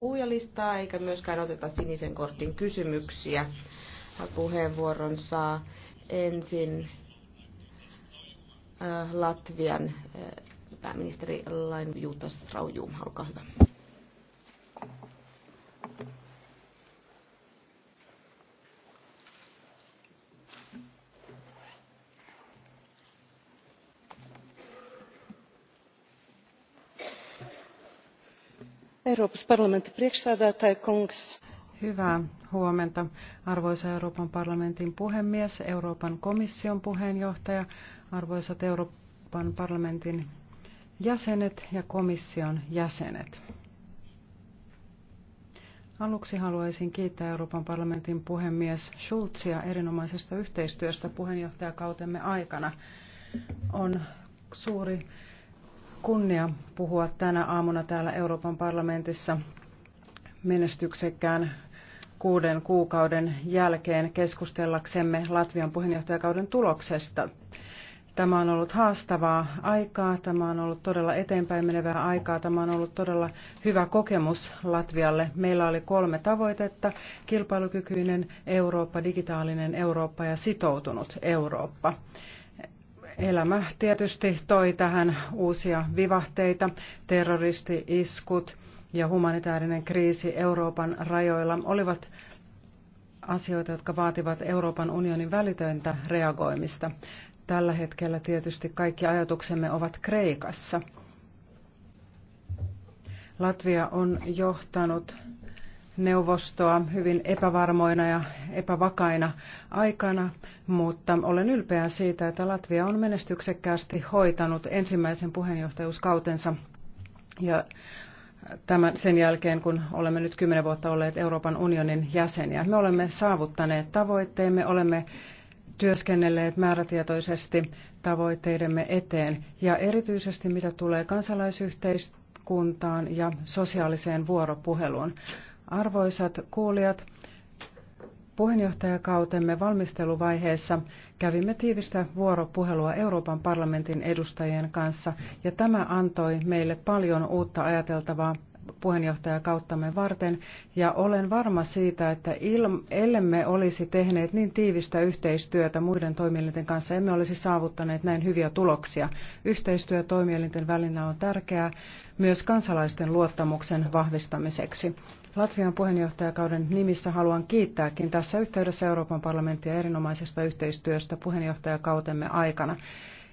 puhujalistaa eikä myöskään oteta sinisen kortin kysymyksiä. Puheenvuoron saa ensin äh, Latvian äh, pääministeri Lain Juutas Straujum. Olkaa hyvä. Hyvää huomenta, arvoisa Euroopan parlamentin puhemies, Euroopan komission puheenjohtaja, arvoisat Euroopan parlamentin jäsenet ja komission jäsenet. Aluksi haluaisin kiittää Euroopan parlamentin puhemies Schulzia erinomaisesta yhteistyöstä puheenjohtajakautemme aikana. On suuri kunnia puhua tänä aamuna täällä Euroopan parlamentissa menestyksekkään kuuden kuukauden jälkeen keskustellaksemme Latvian puheenjohtajakauden tuloksesta. Tämä on ollut haastavaa aikaa, tämä on ollut todella eteenpäin menevää aikaa, tämä on ollut todella hyvä kokemus Latvialle. Meillä oli kolme tavoitetta, kilpailukykyinen Eurooppa, digitaalinen Eurooppa ja sitoutunut Eurooppa. Elämä tietysti toi tähän uusia vivahteita, terroristi-iskut ja humanitaarinen kriisi Euroopan rajoilla olivat asioita, jotka vaativat Euroopan unionin välitöntä reagoimista. Tällä hetkellä tietysti kaikki ajatuksemme ovat Kreikassa. Latvia on johtanut neuvostoa hyvin epävarmoina ja epävakaina aikana, mutta olen ylpeä siitä, että Latvia on menestyksekkäästi hoitanut ensimmäisen puheenjohtajuuskautensa ja tämän, sen jälkeen, kun olemme nyt kymmenen vuotta olleet Euroopan unionin jäseniä. Me olemme saavuttaneet tavoitteemme, olemme työskennelleet määrätietoisesti tavoitteidemme eteen ja erityisesti mitä tulee kansalaisyhteistyöhön, kuntaan ja sosiaaliseen vuoropuheluun. Arvoisat kuulijat, puheenjohtajakautemme valmisteluvaiheessa kävimme tiivistä vuoropuhelua Euroopan parlamentin edustajien kanssa ja tämä antoi meille paljon uutta ajateltavaa puheenjohtajakauttamme varten ja olen varma siitä, että ellemme olisi tehneet niin tiivistä yhteistyötä muiden toimielinten kanssa, emme olisi saavuttaneet näin hyviä tuloksia. Yhteistyö toimielinten välillä on tärkeää myös kansalaisten luottamuksen vahvistamiseksi. Latvian puheenjohtajakauden nimissä haluan kiittääkin tässä yhteydessä Euroopan parlamenttia erinomaisesta yhteistyöstä puheenjohtajakautemme aikana.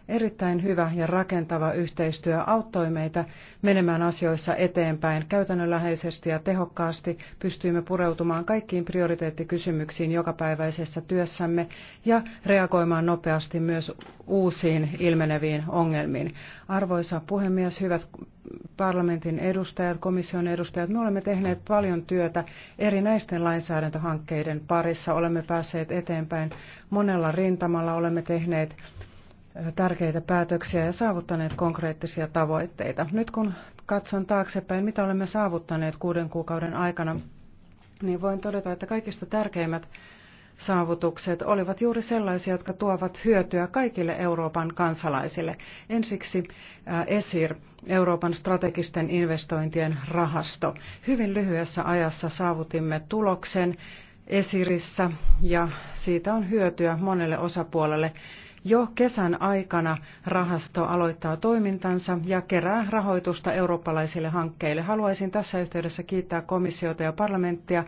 Erittäin hyvä ja rakentava yhteistyö auttoi meitä menemään asioissa eteenpäin käytännönläheisesti ja tehokkaasti. Pystyimme pureutumaan kaikkiin prioriteettikysymyksiin jokapäiväisessä työssämme ja reagoimaan nopeasti myös uusiin ilmeneviin ongelmiin. Arvoisa puhemies, hyvät parlamentin edustajat, komission edustajat, me olemme tehneet paljon työtä erinäisten lainsäädäntöhankkeiden parissa. Olemme päässeet eteenpäin monella rintamalla, olemme tehneet tärkeitä päätöksiä ja saavuttaneet konkreettisia tavoitteita. Nyt kun katson taaksepäin, mitä olemme saavuttaneet kuuden kuukauden aikana, niin voin todeta, että kaikista tärkeimmät saavutukset olivat juuri sellaisia, jotka tuovat hyötyä kaikille Euroopan kansalaisille. Ensiksi ESIR, Euroopan strategisten investointien rahasto. Hyvin lyhyessä ajassa saavutimme tuloksen ESIRissä ja siitä on hyötyä monelle osapuolelle jo kesän aikana rahasto aloittaa toimintansa ja kerää rahoitusta eurooppalaisille hankkeille. Haluaisin tässä yhteydessä kiittää komissiota ja parlamenttia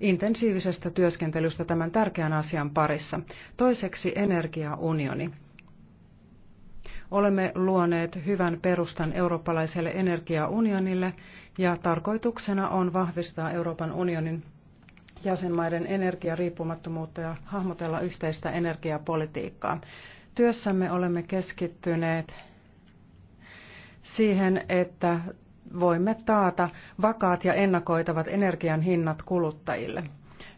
intensiivisestä työskentelystä tämän tärkeän asian parissa. Toiseksi energiaunioni. Olemme luoneet hyvän perustan eurooppalaiselle energiaunionille ja tarkoituksena on vahvistaa Euroopan unionin jäsenmaiden energiariippumattomuutta ja hahmotella yhteistä energiapolitiikkaa. Työssämme olemme keskittyneet siihen, että voimme taata vakaat ja ennakoitavat energian hinnat kuluttajille.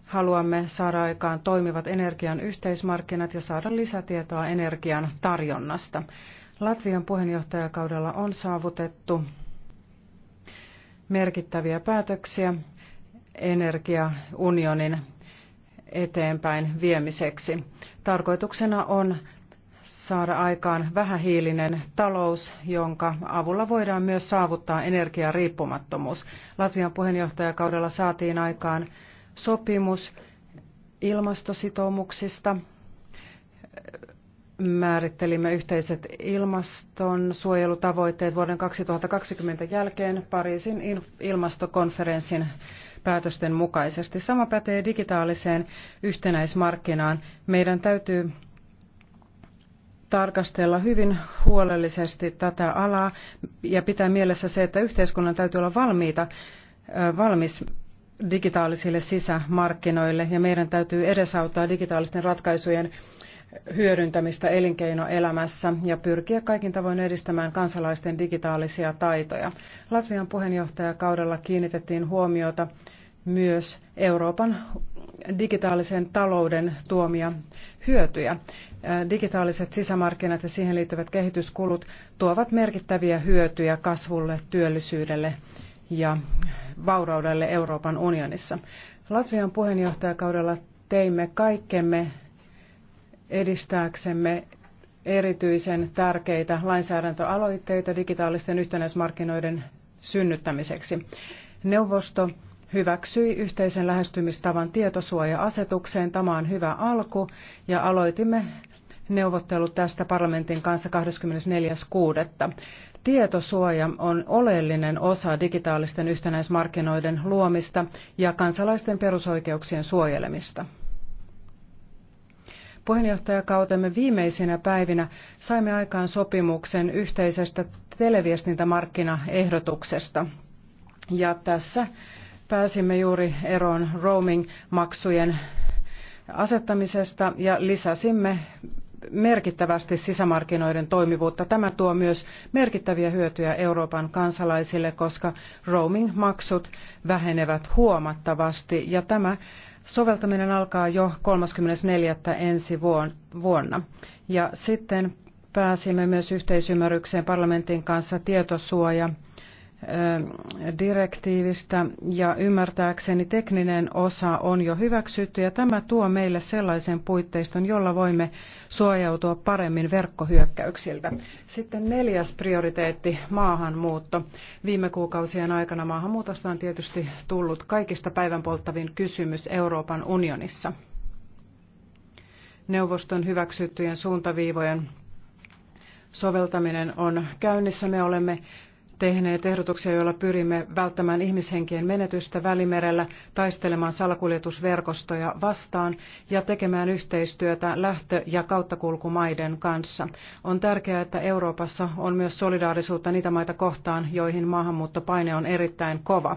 Haluamme saada aikaan toimivat energian yhteismarkkinat ja saada lisätietoa energian tarjonnasta. Latvian puheenjohtajakaudella on saavutettu merkittäviä päätöksiä energiaunionin eteenpäin viemiseksi. Tarkoituksena on saada aikaan vähähiilinen talous, jonka avulla voidaan myös saavuttaa energiariippumattomuus. Latvian puheenjohtajakaudella saatiin aikaan sopimus ilmastositoumuksista. Määrittelimme yhteiset ilmastonsuojelutavoitteet vuoden 2020 jälkeen Pariisin ilmastokonferenssin päätösten mukaisesti. Sama pätee digitaaliseen yhtenäismarkkinaan. Meidän täytyy tarkastella hyvin huolellisesti tätä alaa ja pitää mielessä se, että yhteiskunnan täytyy olla valmiita, valmis digitaalisille sisämarkkinoille ja meidän täytyy edesauttaa digitaalisten ratkaisujen hyödyntämistä elinkeinoelämässä ja pyrkiä kaikin tavoin edistämään kansalaisten digitaalisia taitoja. Latvian puheenjohtajakaudella kiinnitettiin huomiota myös Euroopan digitaalisen talouden tuomia hyötyjä. Äh, digitaaliset sisämarkkinat ja siihen liittyvät kehityskulut tuovat merkittäviä hyötyjä kasvulle, työllisyydelle ja vauraudelle Euroopan unionissa. Latvian puheenjohtajakaudella teimme kaikkemme edistääksemme erityisen tärkeitä lainsäädäntöaloitteita digitaalisten yhtenäismarkkinoiden synnyttämiseksi. Neuvosto hyväksyi yhteisen lähestymistavan tietosuoja-asetukseen. Tämä on hyvä alku ja aloitimme neuvottelut tästä parlamentin kanssa 24.6. Tietosuoja on oleellinen osa digitaalisten yhtenäismarkkinoiden luomista ja kansalaisten perusoikeuksien suojelemista. Puheenjohtajakautemme viimeisinä päivinä saimme aikaan sopimuksen yhteisestä televiestintämarkkinaehdotuksesta. Ja tässä pääsimme juuri eroon roaming-maksujen asettamisesta ja lisäsimme merkittävästi sisämarkkinoiden toimivuutta. Tämä tuo myös merkittäviä hyötyjä Euroopan kansalaisille, koska roaming-maksut vähenevät huomattavasti ja tämä soveltaminen alkaa jo 34. ensi vuonna. Ja sitten pääsimme myös yhteisymmärrykseen parlamentin kanssa tietosuoja direktiivistä ja ymmärtääkseni tekninen osa on jo hyväksytty ja tämä tuo meille sellaisen puitteiston, jolla voimme suojautua paremmin verkkohyökkäyksiltä. Sitten neljäs prioriteetti, maahanmuutto. Viime kuukausien aikana maahanmuutosta on tietysti tullut kaikista päivänpolttavin kysymys Euroopan unionissa. Neuvoston hyväksyttyjen suuntaviivojen soveltaminen on käynnissä. Me olemme tehneet ehdotuksia, joilla pyrimme välttämään ihmishenkien menetystä välimerellä, taistelemaan salakuljetusverkostoja vastaan ja tekemään yhteistyötä lähtö- ja kauttakulkumaiden kanssa. On tärkeää, että Euroopassa on myös solidaarisuutta niitä maita kohtaan, joihin maahanmuuttopaine on erittäin kova.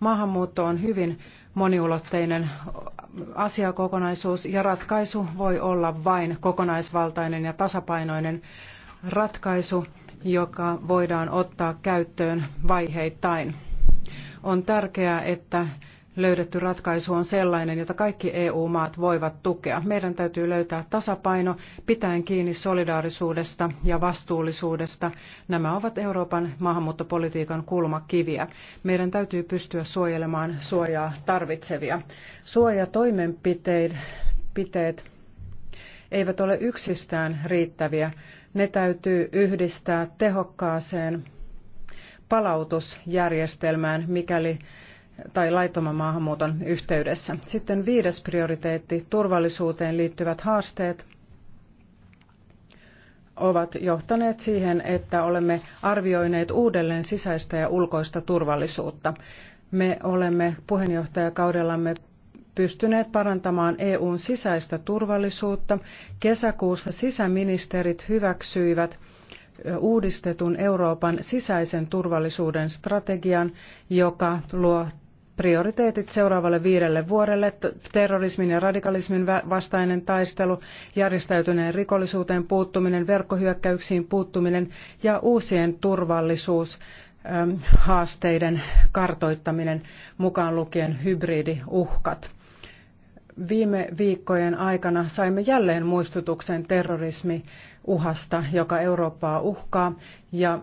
Maahanmuutto on hyvin moniulotteinen asiakokonaisuus ja ratkaisu voi olla vain kokonaisvaltainen ja tasapainoinen ratkaisu joka voidaan ottaa käyttöön vaiheittain. On tärkeää, että löydetty ratkaisu on sellainen, jota kaikki EU-maat voivat tukea. Meidän täytyy löytää tasapaino pitäen kiinni solidaarisuudesta ja vastuullisuudesta. Nämä ovat Euroopan maahanmuuttopolitiikan kulmakiviä. Meidän täytyy pystyä suojelemaan suojaa tarvitsevia. Suojatoimenpiteet eivät ole yksistään riittäviä ne täytyy yhdistää tehokkaaseen palautusjärjestelmään, mikäli tai laittoman maahanmuuton yhteydessä. Sitten viides prioriteetti, turvallisuuteen liittyvät haasteet ovat johtaneet siihen, että olemme arvioineet uudelleen sisäistä ja ulkoista turvallisuutta. Me olemme puheenjohtajakaudellamme pystyneet parantamaan EUn sisäistä turvallisuutta. Kesäkuussa sisäministerit hyväksyivät uudistetun Euroopan sisäisen turvallisuuden strategian, joka luo prioriteetit seuraavalle viidelle vuodelle, terrorismin ja radikalismin vastainen taistelu, järjestäytyneen rikollisuuteen puuttuminen, verkkohyökkäyksiin puuttuminen ja uusien turvallisuushaasteiden kartoittaminen, mukaan lukien hybridiuhkat. Viime viikkojen aikana saimme jälleen muistutuksen terrorismiuhasta, joka Eurooppaa uhkaa, ja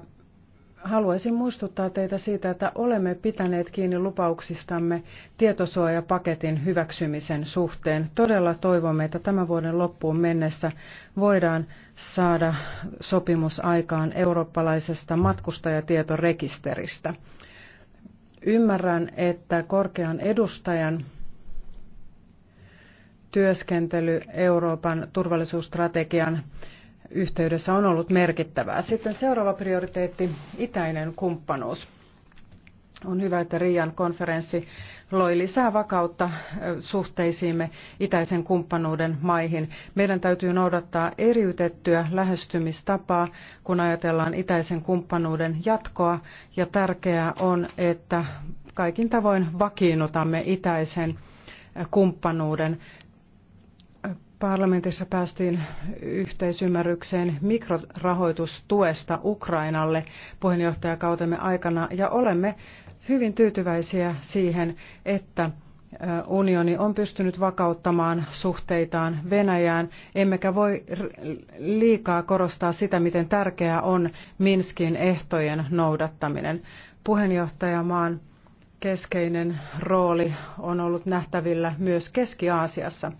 haluaisin muistuttaa teitä siitä, että olemme pitäneet kiinni lupauksistamme tietosuojapaketin hyväksymisen suhteen. Todella toivomme, että tämän vuoden loppuun mennessä voidaan saada sopimus aikaan eurooppalaisesta matkustajatietorekisteristä. Ymmärrän, että korkean edustajan työskentely Euroopan turvallisuusstrategian yhteydessä on ollut merkittävää. Sitten seuraava prioriteetti, itäinen kumppanuus. On hyvä, että Riian konferenssi loi lisää vakautta suhteisiimme itäisen kumppanuuden maihin. Meidän täytyy noudattaa eriytettyä lähestymistapaa, kun ajatellaan itäisen kumppanuuden jatkoa. Ja tärkeää on, että kaikin tavoin vakiinnutamme itäisen kumppanuuden parlamentissa päästiin yhteisymmärrykseen mikrorahoitustuesta Ukrainalle puheenjohtajakautemme aikana ja olemme hyvin tyytyväisiä siihen, että unioni on pystynyt vakauttamaan suhteitaan Venäjään, emmekä voi liikaa korostaa sitä, miten tärkeää on Minskin ehtojen noudattaminen. Puheenjohtajamaan keskeinen rooli on ollut nähtävillä myös Keski-Aasiassa.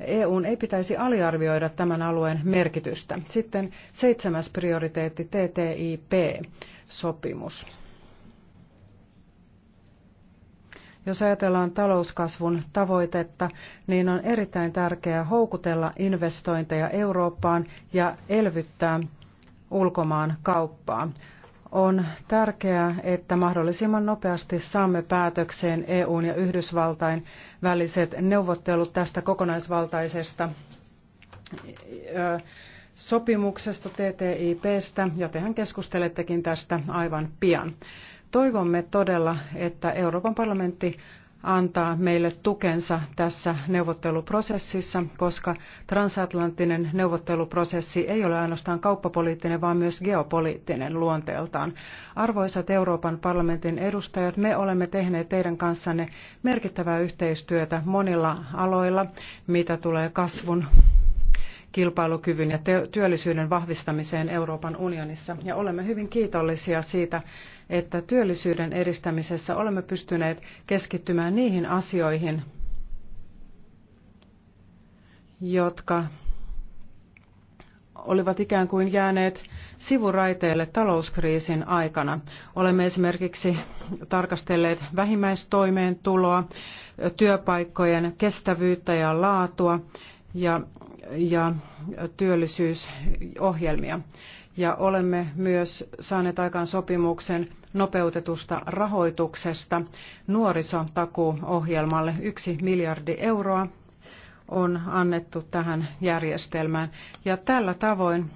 EUn ei pitäisi aliarvioida tämän alueen merkitystä. Sitten seitsemäs prioriteetti TTIP-sopimus. Jos ajatellaan talouskasvun tavoitetta, niin on erittäin tärkeää houkutella investointeja Eurooppaan ja elvyttää ulkomaan kauppaa. On tärkeää, että mahdollisimman nopeasti saamme päätökseen EUn ja Yhdysvaltain väliset neuvottelut tästä kokonaisvaltaisesta sopimuksesta TTIPstä, ja tehän keskustelettekin tästä aivan pian. Toivomme todella, että Euroopan parlamentti antaa meille tukensa tässä neuvotteluprosessissa, koska transatlanttinen neuvotteluprosessi ei ole ainoastaan kauppapoliittinen, vaan myös geopoliittinen luonteeltaan. Arvoisat Euroopan parlamentin edustajat, me olemme tehneet teidän kanssanne merkittävää yhteistyötä monilla aloilla, mitä tulee kasvun kilpailukyvyn ja työllisyyden vahvistamiseen Euroopan unionissa. Ja olemme hyvin kiitollisia siitä, että työllisyyden edistämisessä olemme pystyneet keskittymään niihin asioihin, jotka olivat ikään kuin jääneet sivuraiteille talouskriisin aikana. Olemme esimerkiksi tarkastelleet vähimmäistoimeentuloa, työpaikkojen kestävyyttä ja laatua ja ja työllisyysohjelmia. Ja olemme myös saaneet aikaan sopimuksen nopeutetusta rahoituksesta nuorisotakuuohjelmalle. Yksi miljardi euroa on annettu tähän järjestelmään. Ja tällä tavoin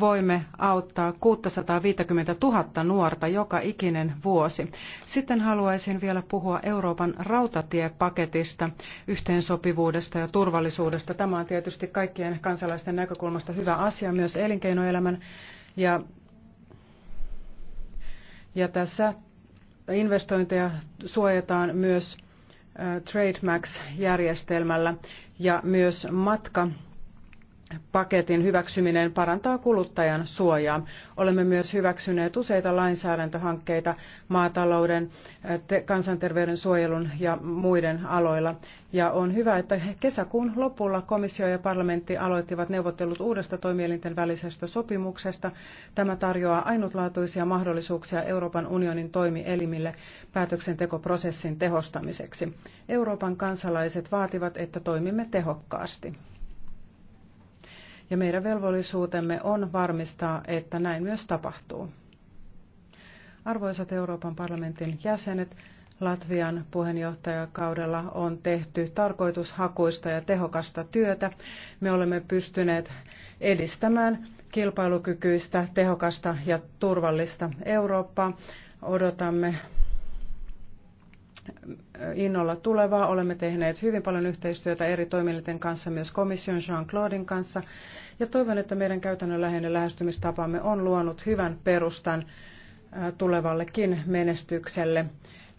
voimme auttaa 650 000 nuorta joka ikinen vuosi. Sitten haluaisin vielä puhua Euroopan rautatiepaketista, yhteensopivuudesta ja turvallisuudesta. Tämä on tietysti kaikkien kansalaisten näkökulmasta hyvä asia, myös elinkeinoelämän. Ja, ja tässä investointeja suojataan myös äh, Trademax-järjestelmällä ja myös matka paketin hyväksyminen parantaa kuluttajan suojaa. Olemme myös hyväksyneet useita lainsäädäntöhankkeita maatalouden, kansanterveyden suojelun ja muiden aloilla. Ja on hyvä, että kesäkuun lopulla komissio ja parlamentti aloittivat neuvottelut uudesta toimielinten välisestä sopimuksesta. Tämä tarjoaa ainutlaatuisia mahdollisuuksia Euroopan unionin toimielimille päätöksentekoprosessin tehostamiseksi. Euroopan kansalaiset vaativat, että toimimme tehokkaasti ja meidän velvollisuutemme on varmistaa, että näin myös tapahtuu. Arvoisat Euroopan parlamentin jäsenet, Latvian puheenjohtajakaudella on tehty tarkoitushakuista ja tehokasta työtä. Me olemme pystyneet edistämään kilpailukykyistä, tehokasta ja turvallista Eurooppaa. Odotamme innolla tulevaa. Olemme tehneet hyvin paljon yhteistyötä eri toimielinten kanssa, myös komission Jean-Claudin kanssa. Ja toivon, että meidän käytännönläheinen lähestymistapamme on luonut hyvän perustan tulevallekin menestykselle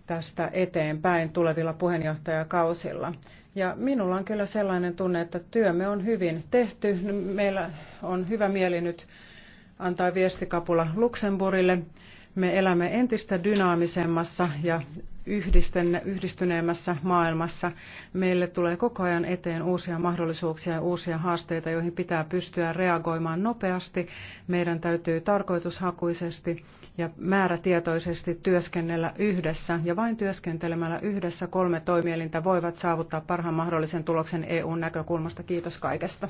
tästä eteenpäin tulevilla puheenjohtajakausilla. Ja minulla on kyllä sellainen tunne, että työmme on hyvin tehty. Meillä on hyvä mieli nyt antaa viestikapula Luxemburille. Me elämme entistä dynaamisemmassa ja yhdistyneemmässä maailmassa meille tulee koko ajan eteen uusia mahdollisuuksia ja uusia haasteita, joihin pitää pystyä reagoimaan nopeasti. Meidän täytyy tarkoitushakuisesti ja määrätietoisesti työskennellä yhdessä. Ja vain työskentelemällä yhdessä kolme toimielintä voivat saavuttaa parhaan mahdollisen tuloksen EUn näkökulmasta. Kiitos kaikesta.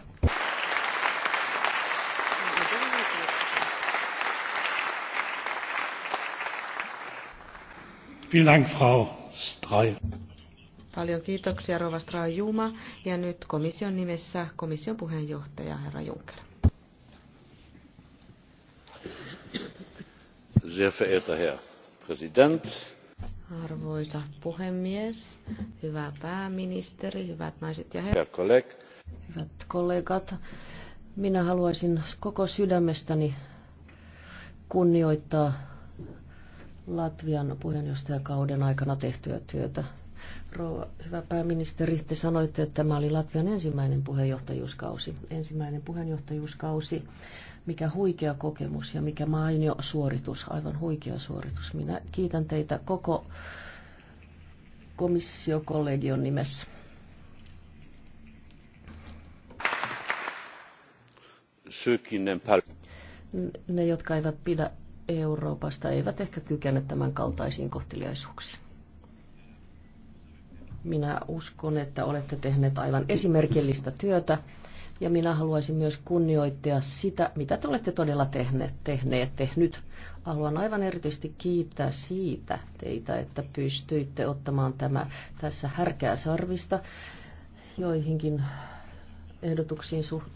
Paljon kiitoksia Rova Juma ja nyt komission nimessä komission puheenjohtaja herra Juncker. Sehr verehrter Herr Präsident. Arvoisa puhemies, hyvä pääministeri, hyvät naiset ja herrat. Hyvät kollegat, minä haluaisin koko sydämestäni kunnioittaa Latvian puheenjohtajakauden aikana tehtyä työtä. Rouva, hyvä pääministeri, te sanoitte, että tämä oli Latvian ensimmäinen puheenjohtajuuskausi. Ensimmäinen puheenjohtajuuskausi, mikä huikea kokemus ja mikä mainio suoritus, aivan huikea suoritus. Minä kiitän teitä koko komissiokollegion nimessä. Ne, jotka eivät pidä Euroopasta eivät ehkä kykene tämän kaltaisiin kohteliaisuuksiin. Minä uskon, että olette tehneet aivan esimerkillistä työtä ja minä haluaisin myös kunnioittaa sitä, mitä te olette todella tehneet, tehneet, tehnyt. Haluan aivan erityisesti kiittää siitä teitä, että pystyitte ottamaan tämä tässä härkää sarvista joihinkin ehdotuksiin suht,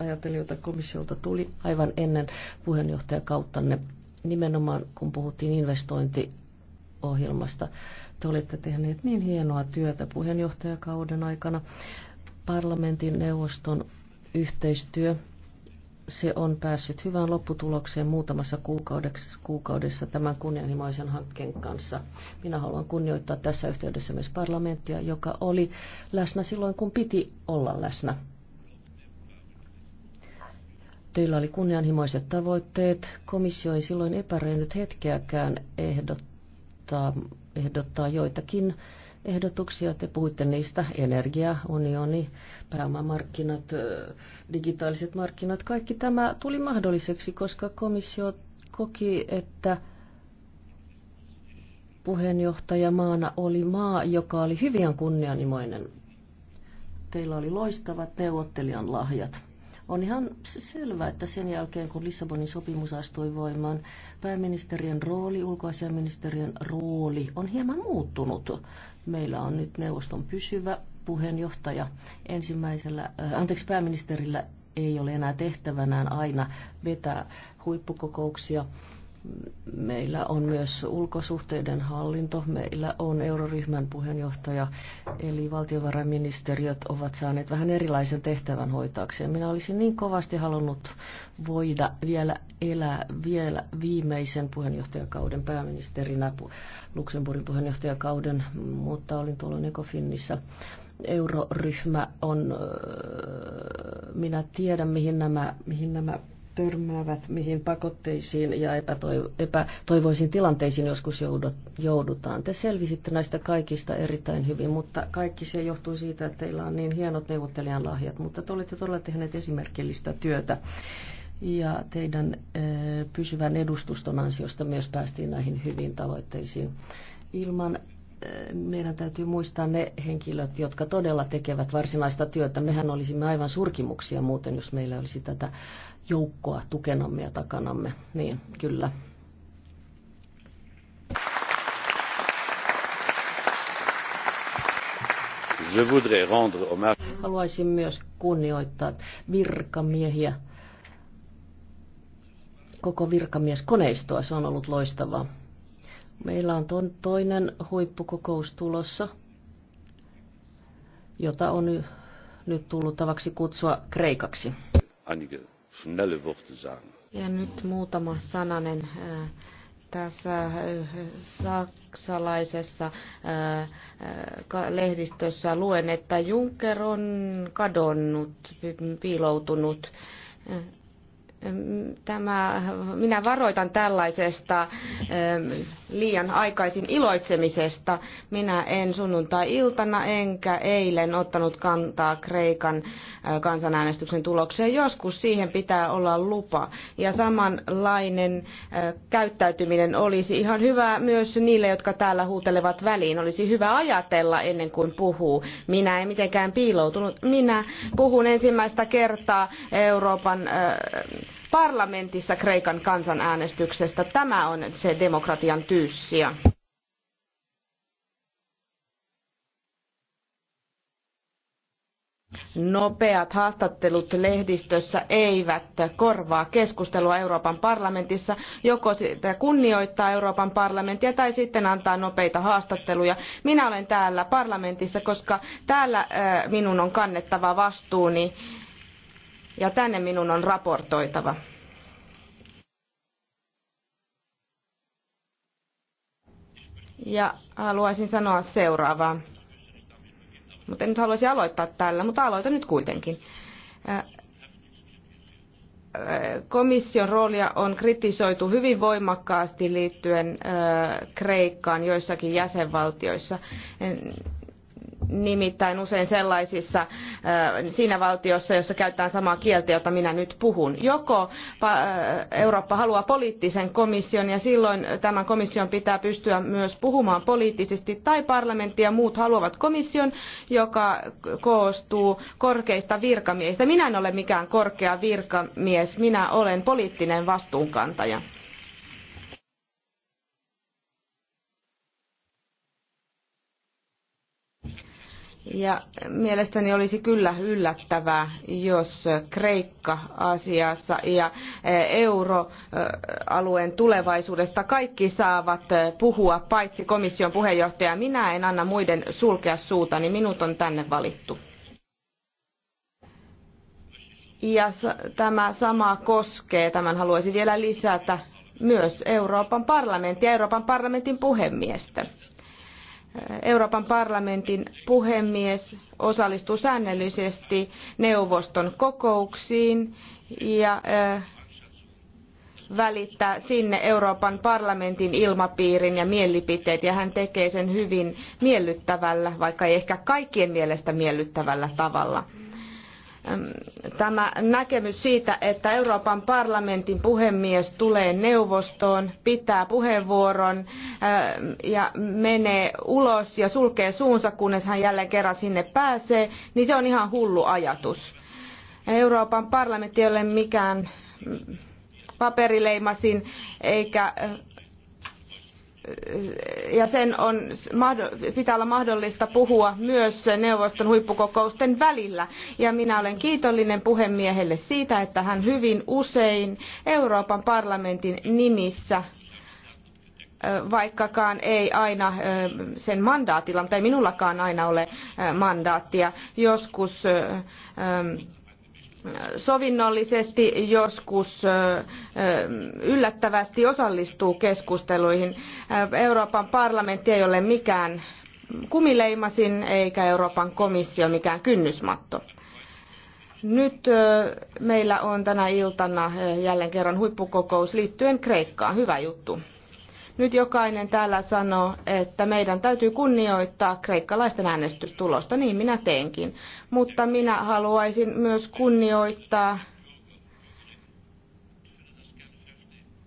ajattelin, joita komissiolta tuli aivan ennen puheenjohtajakauttanne nimenomaan kun puhuttiin investointiohjelmasta. Te olette tehneet niin hienoa työtä puheenjohtajakauden aikana. Parlamentin neuvoston yhteistyö se on päässyt hyvään lopputulokseen muutamassa kuukaudessa, kuukaudessa tämän kunnianhimoisen hankkeen kanssa. Minä haluan kunnioittaa tässä yhteydessä myös parlamenttia, joka oli läsnä silloin, kun piti olla läsnä. Teillä oli kunnianhimoiset tavoitteet. Komissio ei silloin epäröinyt hetkeäkään ehdottaa, ehdottaa joitakin ehdotuksia. Te puhuitte niistä, energia, unioni, pääomamarkkinat, digitaaliset markkinat. Kaikki tämä tuli mahdolliseksi, koska komissio koki, että puheenjohtajamaana oli maa, joka oli hyvin kunnianhimoinen. Teillä oli loistavat neuvottelijan lahjat. On ihan selvää, että sen jälkeen kun Lissabonin sopimus astui voimaan, pääministerien rooli, ulkoasiaministeriön rooli on hieman muuttunut. Meillä on nyt neuvoston pysyvä puheenjohtaja ensimmäisellä, äh, anteeksi pääministerillä ei ole enää tehtävänään aina vetää huippukokouksia Meillä on myös ulkosuhteiden hallinto, meillä on euroryhmän puheenjohtaja, eli valtiovarainministeriöt ovat saaneet vähän erilaisen tehtävän hoitaakseen. Minä olisin niin kovasti halunnut voida vielä elää vielä viimeisen puheenjohtajakauden pääministerinä, Luxemburgin puheenjohtajakauden, mutta olin tuolla Nekofinnissa euroryhmä on, öö, minä tiedän mihin nämä, mihin nämä törmäävät, mihin pakotteisiin ja epätoivoisiin tilanteisiin joskus joudutaan. Te selvisitte näistä kaikista erittäin hyvin, mutta kaikki se johtuu siitä, että teillä on niin hienot neuvottelijan lahjat, mutta te olette todella tehneet esimerkillistä työtä. Ja teidän pysyvän edustuston ansiosta myös päästiin näihin hyviin tavoitteisiin. Ilman meidän täytyy muistaa ne henkilöt, jotka todella tekevät varsinaista työtä. Mehän olisimme aivan surkimuksia muuten, jos meillä olisi tätä joukkoa tukenamme ja takanamme. Niin, kyllä. Haluaisin myös kunnioittaa virkamiehiä, koko virkamieskoneistoa. Se on ollut loistavaa. Meillä on ton toinen huippukokous tulossa, jota on nyt tullut tavaksi kutsua Kreikaksi schnelle Worte sagen. Ja nyt muutama sananen äh, tässä äh, saksalaisessa äh, lehdistössä luen, että Juncker on kadonnut, piiloutunut. Tämä, minä varoitan tällaisesta liian aikaisin iloitsemisesta. Minä en sunnuntai-iltana enkä eilen ottanut kantaa Kreikan kansanäänestyksen tulokseen. Joskus siihen pitää olla lupa. Ja samanlainen käyttäytyminen olisi ihan hyvä myös niille, jotka täällä huutelevat väliin. Olisi hyvä ajatella ennen kuin puhuu. Minä en mitenkään piiloutunut. Minä puhun ensimmäistä kertaa Euroopan parlamentissa Kreikan kansanäänestyksestä. Tämä on se demokratian tyyssiä. Nopeat haastattelut lehdistössä eivät korvaa keskustelua Euroopan parlamentissa. Joko sitä kunnioittaa Euroopan parlamenttia tai sitten antaa nopeita haastatteluja. Minä olen täällä parlamentissa, koska täällä äh, minun on kannettava vastuuni ja tänne minun on raportoitava. Ja haluaisin sanoa seuraavaa. Mutta en nyt haluaisi aloittaa tällä, mutta aloitan nyt kuitenkin. Äh, äh, komission roolia on kritisoitu hyvin voimakkaasti liittyen äh, Kreikkaan joissakin jäsenvaltioissa nimittäin usein sellaisissa siinä valtiossa, jossa käytetään samaa kieltä, jota minä nyt puhun. Joko Eurooppa haluaa poliittisen komission ja silloin tämän komission pitää pystyä myös puhumaan poliittisesti, tai parlamentti ja muut haluavat komission, joka koostuu korkeista virkamiehistä. Minä en ole mikään korkea virkamies, minä olen poliittinen vastuunkantaja. Ja mielestäni olisi kyllä yllättävää, jos Kreikka asiassa ja e, euroalueen e, tulevaisuudesta kaikki saavat e, puhua, paitsi komission puheenjohtaja. Minä en anna muiden sulkea suutani, niin minut on tänne valittu. Ja tämä sama koskee, tämän haluaisin vielä lisätä, myös Euroopan parlamenttia, Euroopan parlamentin puhemiestä Euroopan parlamentin puhemies osallistuu säännöllisesti neuvoston kokouksiin ja äh, välittää sinne Euroopan parlamentin ilmapiirin ja mielipiteet ja hän tekee sen hyvin miellyttävällä, vaikka ei ehkä kaikkien mielestä miellyttävällä tavalla. Tämä näkemys siitä, että Euroopan parlamentin puhemies tulee neuvostoon, pitää puheenvuoron ja menee ulos ja sulkee suunsa, kunnes hän jälleen kerran sinne pääsee, niin se on ihan hullu ajatus. Euroopan parlamentti ei ole mikään mm, paperileimasin eikä ja sen on, pitää olla mahdollista puhua myös neuvoston huippukokousten välillä. Ja minä olen kiitollinen puhemiehelle siitä, että hän hyvin usein Euroopan parlamentin nimissä vaikkakaan ei aina sen mandaatilla, tai minullakaan aina ole mandaattia. Joskus sovinnollisesti, joskus yllättävästi osallistuu keskusteluihin. Euroopan parlamentti ei ole mikään kumileimasin eikä Euroopan komissio mikään kynnysmatto. Nyt meillä on tänä iltana jälleen kerran huippukokous liittyen Kreikkaan. Hyvä juttu. Nyt jokainen täällä sanoo, että meidän täytyy kunnioittaa kreikkalaisten äänestystulosta, niin minä teenkin. Mutta minä haluaisin myös kunnioittaa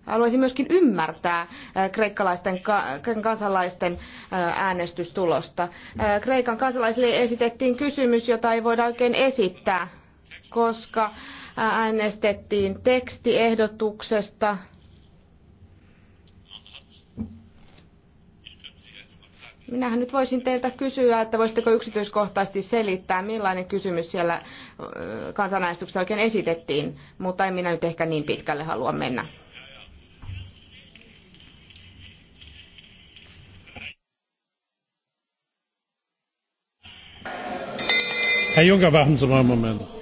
haluaisin myöskin ymmärtää äh, kreikkalaisten kansalaisten äh, äänestystulosta. Äh, kreikan kansalaisille esitettiin kysymys, jota ei voida oikein esittää, koska äänestettiin tekstiehdotuksesta, Minähän nyt voisin teiltä kysyä, että voisitteko yksityiskohtaisesti selittää, millainen kysymys siellä kansanäänestyksessä oikein esitettiin, mutta en minä nyt ehkä niin pitkälle halua mennä. Herr Juncker, warten Sie mal einen Moment.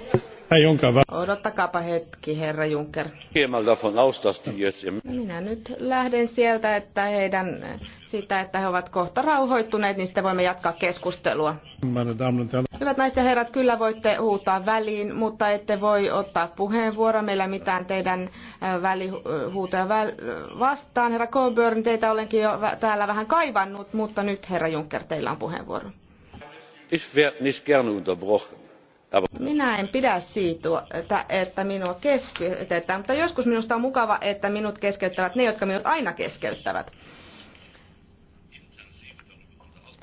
Odottakaapa hetki, herra Juncker. Minä nyt lähden sieltä, että heidän, sitä, että he ovat kohta rauhoittuneet, niin sitten voimme jatkaa keskustelua. Hyvät naiset ja herrat, kyllä voitte huutaa väliin, mutta ette voi ottaa puheenvuoroa. Meillä mitään teidän välihuutoja vastaan. Herra Coburn, teitä olenkin jo täällä vähän kaivannut, mutta nyt herra Juncker, teillä on puheenvuoro. Ich werde nicht gerne unterbrochen minä en pidä siitä, että, minua keskeytetään, mutta joskus minusta on mukava, että minut keskeyttävät ne, jotka minut aina keskeyttävät.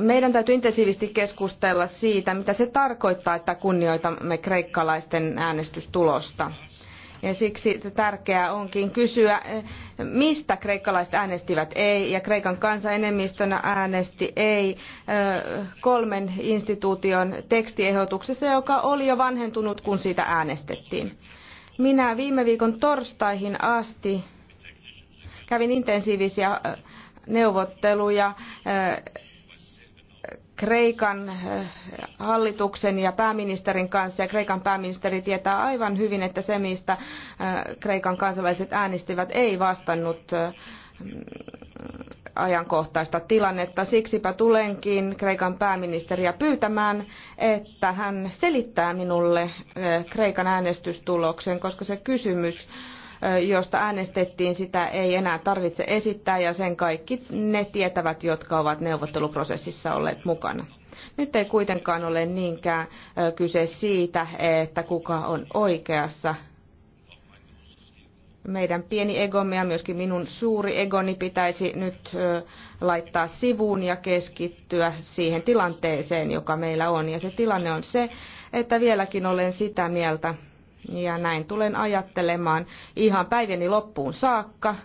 Meidän täytyy intensiivisesti keskustella siitä, mitä se tarkoittaa, että kunnioitamme kreikkalaisten äänestystulosta. Ja siksi tärkeää onkin kysyä, mistä kreikkalaiset äänestivät ei, ja Kreikan kansa enemmistönä äänesti ei kolmen instituution tekstiehdotuksessa, joka oli jo vanhentunut, kun siitä äänestettiin. Minä viime viikon torstaihin asti kävin intensiivisiä neuvotteluja Kreikan eh, hallituksen ja pääministerin kanssa ja Kreikan pääministeri tietää aivan hyvin, että se mistä eh, Kreikan kansalaiset äänestivät ei vastannut eh, mm, ajankohtaista tilannetta. Siksipä tulenkin Kreikan pääministeriä pyytämään, että hän selittää minulle Kreikan äänestystuloksen, koska se kysymys josta äänestettiin, sitä ei enää tarvitse esittää ja sen kaikki ne tietävät, jotka ovat neuvotteluprosessissa olleet mukana. Nyt ei kuitenkaan ole niinkään kyse siitä, että kuka on oikeassa. Meidän pieni egomme ja myöskin minun suuri egoni pitäisi nyt laittaa sivuun ja keskittyä siihen tilanteeseen, joka meillä on. Ja se tilanne on se, että vieläkin olen sitä mieltä, ja näin tulen ajattelemaan ihan päiväni loppuun saakka.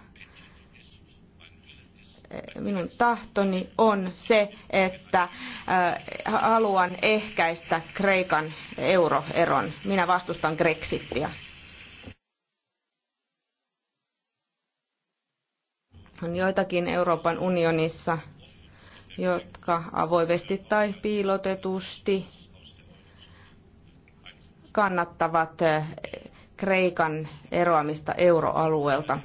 Minun tahtoni on se, että äh, haluan ehkäistä Kreikan euroeron. Minä vastustan Grexittiä. On joitakin Euroopan unionissa, jotka avoimesti tai piilotetusti kannattavat eh, Kreikan eroamista euroalueelta.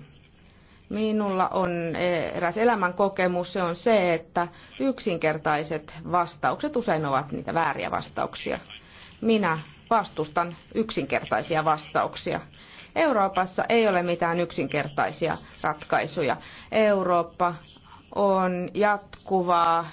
Minulla on eh, eräs elämän kokemus, se on se, että yksinkertaiset vastaukset usein ovat niitä vääriä vastauksia. Minä vastustan yksinkertaisia vastauksia. Euroopassa ei ole mitään yksinkertaisia ratkaisuja. Eurooppa on jatkuvaa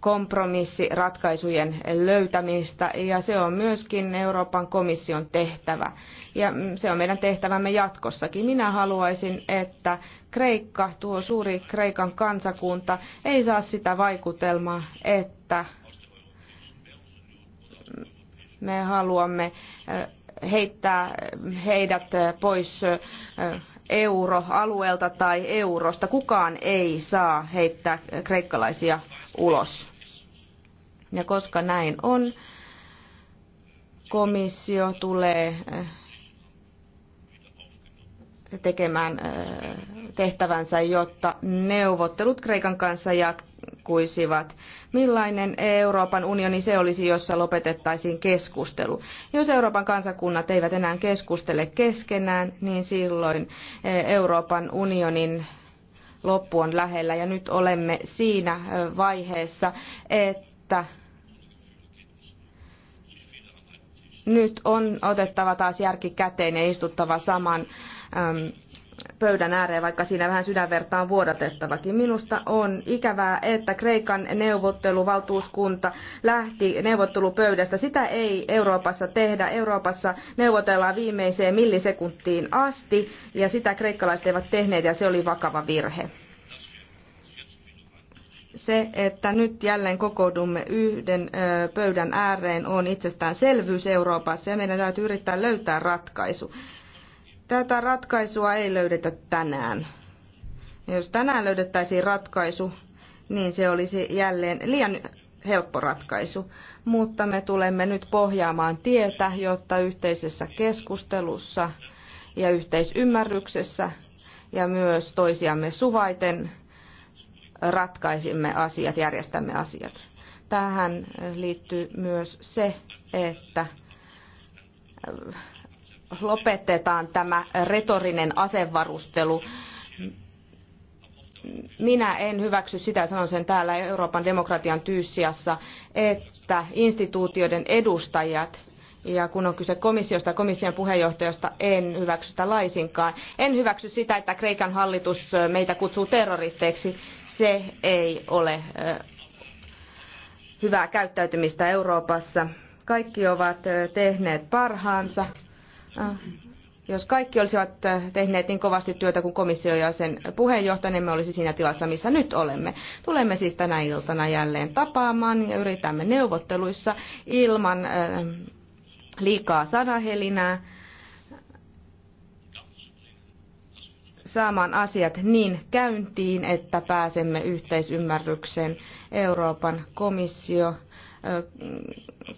kompromissiratkaisujen löytämistä ja se on myöskin Euroopan komission tehtävä ja se on meidän tehtävämme jatkossakin. Minä haluaisin, että Kreikka, tuo suuri Kreikan kansakunta, ei saa sitä vaikutelmaa, että me haluamme eh, heittää heidät pois eh, euroalueelta tai eurosta. Kukaan ei saa heittää kreikkalaisia ulos. Ja koska näin on, komissio tulee eh, tekemään eh, tehtävänsä, jotta neuvottelut Kreikan kanssa jatkuisivat. Millainen Euroopan unioni se olisi, jossa lopetettaisiin keskustelu? Jos Euroopan kansakunnat eivät enää keskustele keskenään, niin silloin eh, Euroopan unionin loppu on lähellä ja nyt olemme siinä vaiheessa, että että nyt on otettava taas järki käteen ja istuttava saman äm, pöydän ääreen, vaikka siinä vähän sydänvertaan vuodatettavakin. Minusta on ikävää, että Kreikan neuvotteluvaltuuskunta lähti neuvottelupöydästä. Sitä ei Euroopassa tehdä. Euroopassa neuvotellaan viimeiseen millisekuntiin asti, ja sitä kreikkalaiset eivät tehneet, ja se oli vakava virhe se, että nyt jälleen kokoudumme yhden pöydän ääreen, on itsestäänselvyys Euroopassa ja meidän täytyy yrittää löytää ratkaisu. Tätä ratkaisua ei löydetä tänään. Ja jos tänään löydettäisiin ratkaisu, niin se olisi jälleen liian helppo ratkaisu. Mutta me tulemme nyt pohjaamaan tietä, jotta yhteisessä keskustelussa ja yhteisymmärryksessä ja myös toisiamme suvaiten ratkaisimme asiat, järjestämme asiat. Tähän liittyy myös se, että äh, lopetetaan tämä retorinen asevarustelu. Minä en hyväksy sitä, sanon sen täällä Euroopan demokratian tyyssiassa, että instituutioiden edustajat ja kun on kyse komissiosta ja komission puheenjohtajasta, en hyväksy sitä laisinkaan. En hyväksy sitä, että Kreikan hallitus meitä kutsuu terroristeiksi. Se ei ole hyvää käyttäytymistä Euroopassa. Kaikki ovat tehneet parhaansa. Jos kaikki olisivat tehneet niin kovasti työtä kuin komissio ja sen puheenjohtaja, niin me olisi siinä tilassa, missä nyt olemme. Tulemme siis tänä iltana jälleen tapaamaan ja yritämme neuvotteluissa ilman liikaa sanahelinää, saamaan asiat niin käyntiin, että pääsemme yhteisymmärrykseen. Euroopan komissio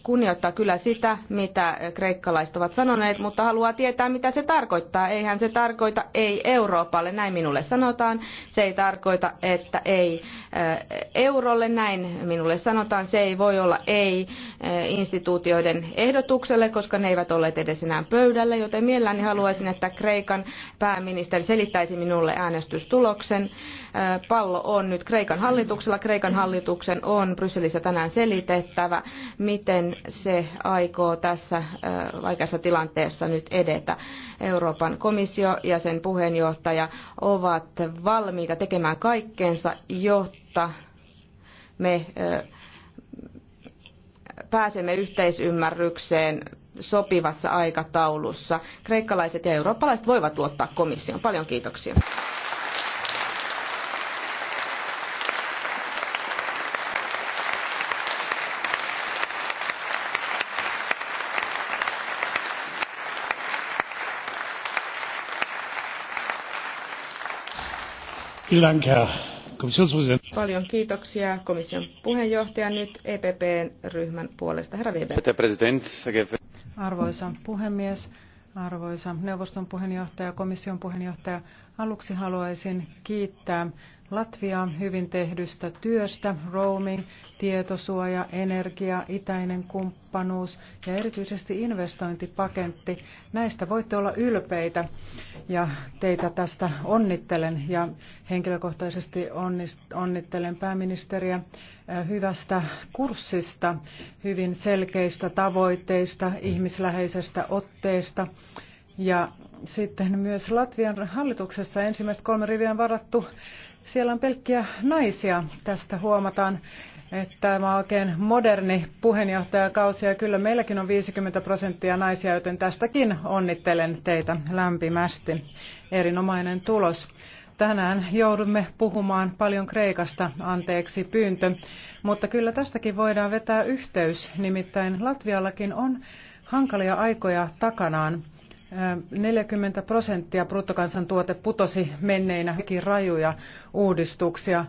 kunnioittaa kyllä sitä, mitä kreikkalaiset ovat sanoneet, mutta haluaa tietää, mitä se tarkoittaa. Eihän se tarkoita ei Euroopalle, näin minulle sanotaan. Se ei tarkoita, että ei eh, eurolle, näin minulle sanotaan. Se ei voi olla ei eh, instituutioiden ehdotukselle, koska ne eivät olleet edes enää pöydällä, joten mielelläni haluaisin, että Kreikan pääministeri selittäisi minulle äänestystuloksen. Eh, pallo on nyt Kreikan hallituksella. Kreikan hallituksen on Brysselissä tänään selitetty mietittävä, miten se aikoo tässä äh, vaikeassa tilanteessa nyt edetä. Euroopan komissio ja sen puheenjohtaja ovat valmiita tekemään kaikkensa, jotta me äh, pääsemme yhteisymmärrykseen sopivassa aikataulussa. Kreikkalaiset ja eurooppalaiset voivat luottaa komissioon. Paljon kiitoksia. Paljon kiitoksia komission puheenjohtaja nyt EPPn ryhmän puolesta. Herra Weber. Arvoisa puhemies, Arvoisa neuvoston puheenjohtaja, komission puheenjohtaja, aluksi haluaisin kiittää Latviaa hyvin tehdystä työstä, roaming, tietosuoja, energia, itäinen kumppanuus ja erityisesti investointipaketti. Näistä voitte olla ylpeitä ja teitä tästä onnittelen ja henkilökohtaisesti onnittelen pääministeriä hyvästä kurssista, hyvin selkeistä tavoitteista, mm. ihmisläheisestä otteesta. Ja sitten myös Latvian hallituksessa ensimmäistä kolme riviä on varattu. Siellä on pelkkiä naisia. Tästä huomataan, että tämä on oikein moderni puheenjohtajakausi ja kyllä meilläkin on 50 prosenttia naisia, joten tästäkin onnittelen teitä lämpimästi. Erinomainen tulos. Tänään joudumme puhumaan paljon Kreikasta, anteeksi pyyntö, mutta kyllä tästäkin voidaan vetää yhteys, nimittäin Latviallakin on hankalia aikoja takanaan. 40 prosenttia bruttokansantuote putosi menneinäkin rajuja uudistuksia,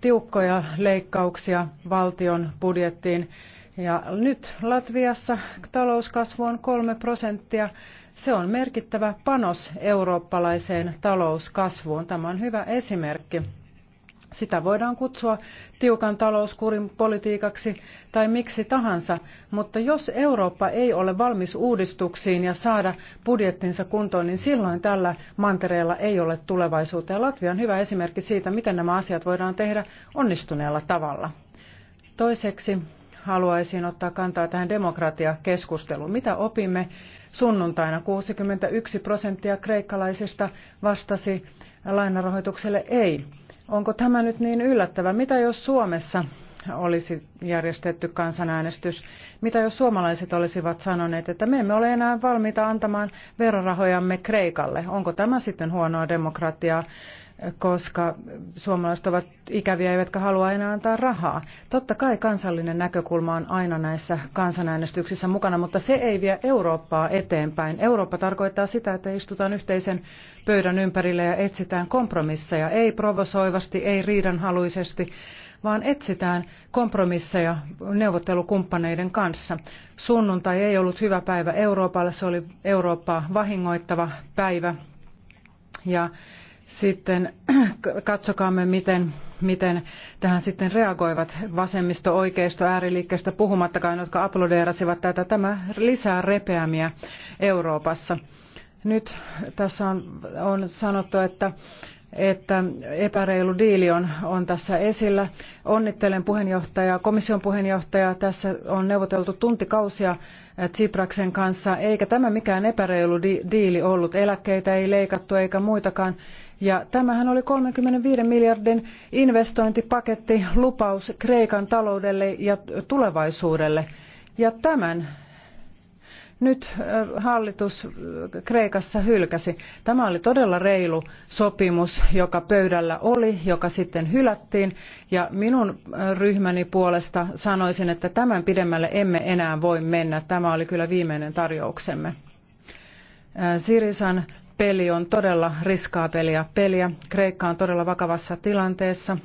tiukkoja leikkauksia valtion budjettiin ja nyt Latviassa talouskasvu on 3 prosenttia. Se on merkittävä panos eurooppalaiseen talouskasvuun. Tämä on hyvä esimerkki. Sitä voidaan kutsua tiukan talouskurin politiikaksi tai miksi tahansa, mutta jos Eurooppa ei ole valmis uudistuksiin ja saada budjettinsa kuntoon, niin silloin tällä mantereella ei ole tulevaisuutta. Ja Latvia on hyvä esimerkki siitä, miten nämä asiat voidaan tehdä onnistuneella tavalla. Toiseksi haluaisin ottaa kantaa tähän demokratiakeskusteluun. Mitä opimme sunnuntaina? 61 prosenttia kreikkalaisista vastasi lainarahoitukselle ei. Onko tämä nyt niin yllättävä? Mitä jos Suomessa olisi järjestetty kansanäänestys? Mitä jos suomalaiset olisivat sanoneet, että me emme ole enää valmiita antamaan verorahojamme Kreikalle? Onko tämä sitten huonoa demokratiaa? koska suomalaiset ovat ikäviä eivätkä halua enää antaa rahaa. Totta kai kansallinen näkökulma on aina näissä kansanäänestyksissä mukana, mutta se ei vie Eurooppaa eteenpäin. Eurooppa tarkoittaa sitä, että istutaan yhteisen pöydän ympärille ja etsitään kompromisseja, ei provosoivasti, ei riidanhaluisesti, vaan etsitään kompromisseja neuvottelukumppaneiden kanssa. Sunnuntai ei ollut hyvä päivä Euroopalle, se oli Eurooppaa vahingoittava päivä. Ja sitten katsokaamme, miten, miten tähän sitten reagoivat vasemmisto, oikeisto, ääriliikkeestä puhumattakaan, jotka aplodeerasivat tätä. Tämä lisää repeämiä Euroopassa. Nyt tässä on, on sanottu, että, että epäreilu diili on, on tässä esillä. Onnittelen puheenjohtajaa, komission puheenjohtajaa. Tässä on neuvoteltu tuntikausia eh, Tsipraksen kanssa, eikä tämä mikään epäreilu diili ollut. Eläkkeitä ei leikattu eikä muitakaan ja tämähän oli 35 miljardin investointipaketti, lupaus Kreikan taloudelle ja tulevaisuudelle. Ja tämän nyt hallitus Kreikassa hylkäsi. Tämä oli todella reilu sopimus, joka pöydällä oli, joka sitten hylättiin. Ja minun ryhmäni puolesta sanoisin, että tämän pidemmälle emme enää voi mennä. Tämä oli kyllä viimeinen tarjouksemme. Sirisan peli on todella riskaapelia peliä. Kreikka on todella vakavassa tilanteessa.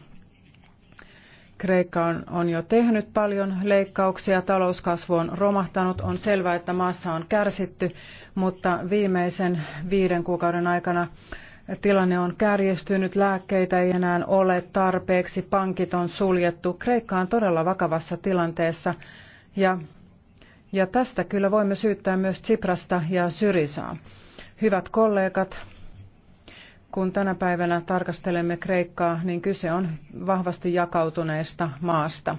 Kreikka on, on jo tehnyt paljon leikkauksia, talouskasvu on romahtanut, on selvää, että maassa on kärsitty, mutta viimeisen viiden kuukauden aikana tilanne on kärjistynyt, lääkkeitä ei enää ole tarpeeksi, pankit on suljettu. Kreikka on todella vakavassa tilanteessa ja, ja tästä kyllä voimme syyttää myös Tsiprasta ja Syrisaa. Hyvät kollegat, kun tänä päivänä tarkastelemme Kreikkaa, niin kyse on vahvasti jakautuneesta maasta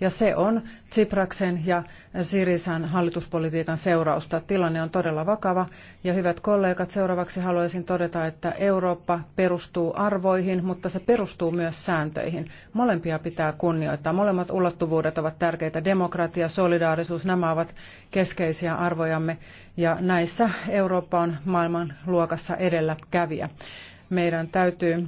ja se on Tsipraksen ja Sirisan hallituspolitiikan seurausta. Tilanne on todella vakava ja hyvät kollegat, seuraavaksi haluaisin todeta, että Eurooppa perustuu arvoihin, mutta se perustuu myös sääntöihin. Molempia pitää kunnioittaa. Molemmat ulottuvuudet ovat tärkeitä. Demokratia, solidaarisuus, nämä ovat keskeisiä arvojamme ja näissä Eurooppa on maailman luokassa edelläkävijä. Meidän täytyy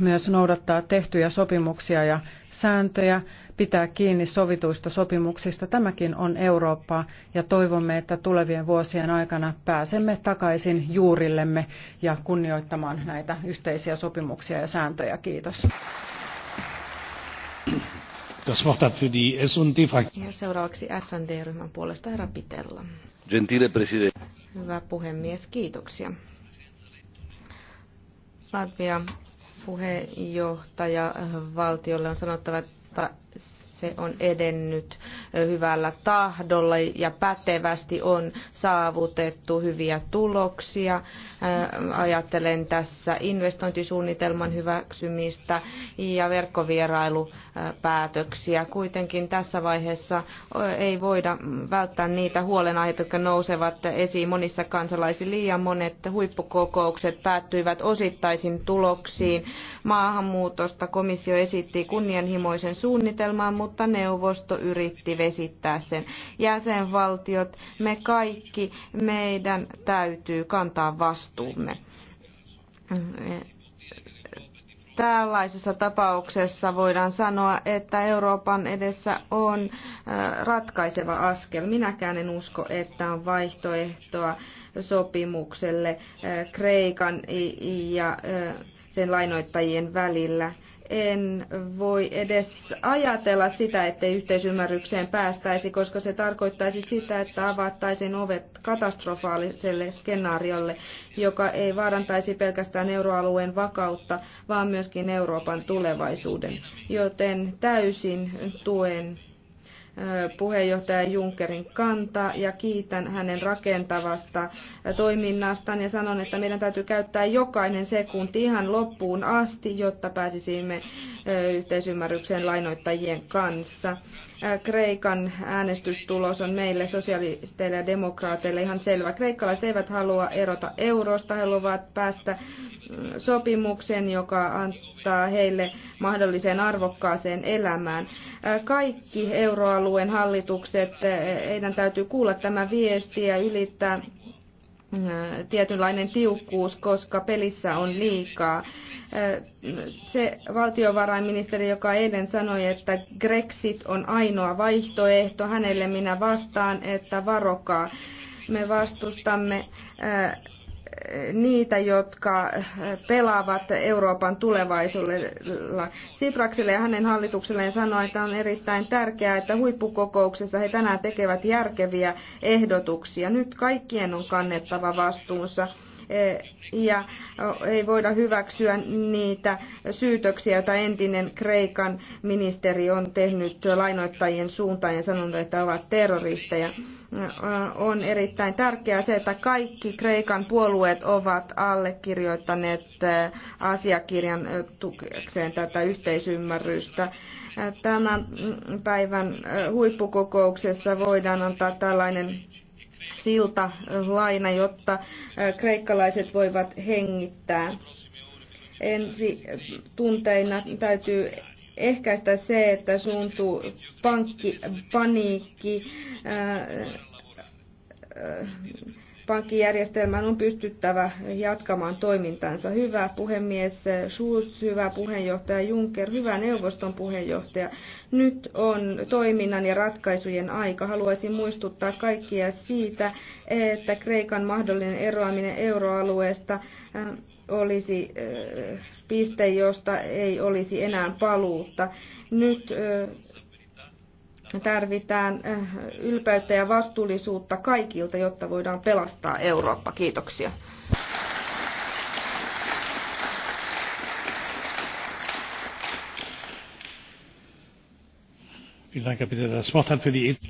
myös noudattaa tehtyjä sopimuksia ja sääntöjä pitää kiinni sovituista sopimuksista. Tämäkin on Eurooppaa ja toivomme, että tulevien vuosien aikana pääsemme takaisin juurillemme ja kunnioittamaan näitä yhteisiä sopimuksia ja sääntöjä. Kiitos. Das Wort hat für die sd Ja seuraavaksi sd ryhmän puolesta herra Pitella. Gentile Hyvä puhemies, kiitoksia. Latvia puheenjohtaja valtiolle on sanottava, että ta, se on edennyt hyvällä tahdolla ja pätevästi on saavutettu hyviä tuloksia. Ajattelen tässä investointisuunnitelman hyväksymistä ja verkkovierailupäätöksiä. Kuitenkin tässä vaiheessa ei voida välttää niitä huolenaiheita, jotka nousevat esiin monissa kansalaisissa. Liian monet huippukokoukset päättyivät osittaisin tuloksiin. Maahanmuutosta komissio esitti kunnianhimoisen suunnitelman, mutta mutta neuvosto yritti vesittää sen. Jäsenvaltiot, me kaikki, meidän täytyy kantaa vastuumme tällaisessa tapauksessa voidaan sanoa, että Euroopan edessä on äh, ratkaiseva askel. Minäkään en usko, että on vaihtoehtoa sopimukselle äh, Kreikan ja äh, sen lainoittajien välillä en voi edes ajatella sitä, ettei yhteisymmärrykseen päästäisi, koska se tarkoittaisi sitä, että avattaisiin ovet katastrofaaliselle skenaariolle, joka ei vaarantaisi pelkästään euroalueen vakautta, vaan myöskin Euroopan tulevaisuuden. Joten täysin tuen puheenjohtaja Junckerin kanta ja kiitän hänen rakentavasta toiminnastaan ja sanon, että meidän täytyy käyttää jokainen sekunti ihan loppuun asti, jotta pääsisimme yhteisymmärrykseen lainoittajien kanssa. Kreikan äänestystulos on meille sosialisteille ja demokraateille ihan selvä. Kreikkalaiset eivät halua erota eurosta, he haluavat päästä mm, sopimuksen, joka antaa heille mahdolliseen arvokkaaseen elämään. Kaikki Euroa euroalueen hallitukset, e, heidän täytyy kuulla tämä viesti ja ylittää e, tietynlainen tiukkuus, koska pelissä on liikaa. E, se valtiovarainministeri, joka eilen sanoi, että Grexit on ainoa vaihtoehto, hänelle minä vastaan, että varokaa. Me vastustamme niitä, jotka pelaavat Euroopan tulevaisuudella. Sipraksille ja hänen hallitukselleen sanoi, että on erittäin tärkeää, että huippukokouksessa he tänään tekevät järkeviä ehdotuksia. Nyt kaikkien on kannettava vastuunsa. Eh, ja ei voida hyväksyä niitä syytöksiä, joita entinen Kreikan ministeri on tehnyt lainoittajien suuntaan ja sanonut, että ovat terroristeja. On erittäin tärkeää se, että kaikki Kreikan puolueet ovat allekirjoittaneet asiakirjan tukeakseen tätä yhteisymmärrystä tämän mm, päivän huippukokouksessa voidaan antaa tällainen silta laina, jotta kreikkalaiset voivat hengittää. Ensi tunteina täytyy ehkäistä se, että suuntuu pankki, paniikki, ää, ää, keskuspankkijärjestelmän on pystyttävä jatkamaan toimintansa. Hyvä puhemies Schulz, hyvä puheenjohtaja Juncker, hyvä neuvoston puheenjohtaja. Nyt on toiminnan ja ratkaisujen aika. Haluaisin muistuttaa kaikkia siitä, että Kreikan mahdollinen eroaminen euroalueesta äh, olisi äh, piste, josta ei olisi enää paluutta. Nyt äh, tarvitaan eh, ylpeyttä ja vastuullisuutta kaikilta, jotta voidaan pelastaa Eurooppa. Kiitoksia.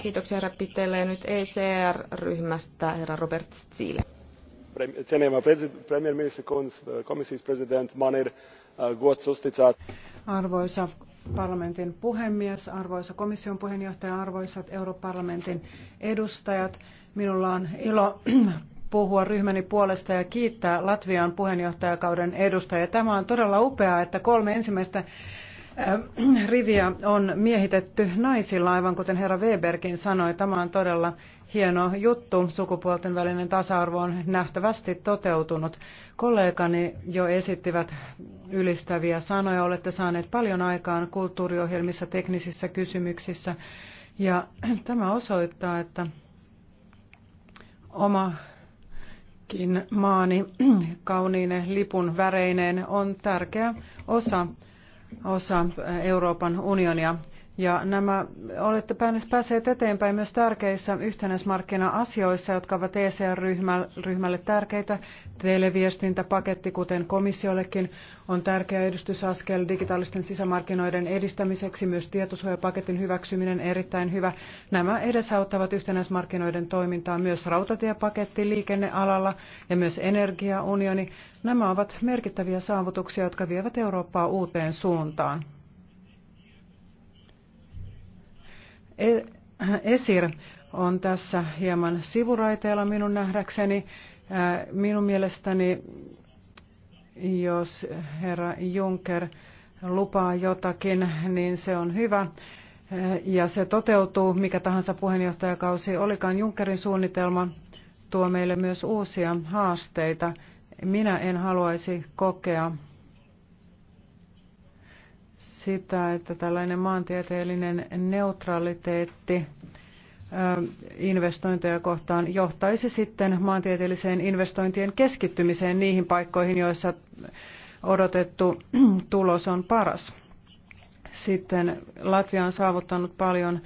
Kiitoksia herra Pitelle ja nyt ECR-ryhmästä herra Robert Ziele. Eh, eh, Arvoisa parlamentin puhemies, arvoisa komission puheenjohtaja, arvoisat europarlamentin edustajat. Minulla on ilo puhua ryhmäni puolesta ja kiittää Latvian puheenjohtajakauden edustajia. Tämä on todella upeaa, että kolme ensimmäistä Äh, riviä on miehitetty naisilla, aivan kuten herra Weberkin sanoi. Tämä on todella hieno juttu. Sukupuolten välinen tasa-arvo on nähtävästi toteutunut. Kollegani jo esittivät ylistäviä sanoja. Olette saaneet paljon aikaan kulttuuriohjelmissa, teknisissä kysymyksissä. Ja tämä osoittaa, että oma maani kauniine lipun väreineen on tärkeä osa osa Euroopan unionia. Ja nämä olette päässeet eteenpäin myös tärkeissä yhtenäismarkkina-asioissa, jotka ovat ECR-ryhmälle tärkeitä. Televiestintäpaketti, kuten komissiollekin, on tärkeä edistysaskel digitaalisten sisämarkkinoiden edistämiseksi. Myös tietosuojapaketin hyväksyminen erittäin hyvä. Nämä edesauttavat yhtenäismarkkinoiden toimintaa myös rautatiepaketti liikennealalla ja myös energiaunioni. Nämä ovat merkittäviä saavutuksia, jotka vievät Eurooppaa uuteen suuntaan. Esir on tässä hieman sivuraiteella minun nähdäkseni. Äh, minun mielestäni, jos herra Juncker lupaa jotakin, niin se on hyvä. Äh, ja se toteutuu, mikä tahansa puheenjohtajakausi olikaan Junckerin suunnitelma, tuo meille myös uusia haasteita. Minä en haluaisi kokea sitä, että tällainen maantieteellinen neutraliteetti investointeja kohtaan johtaisi sitten maantieteelliseen investointien keskittymiseen niihin paikkoihin, joissa odotettu tulos on paras. Sitten Latvia on saavuttanut paljon,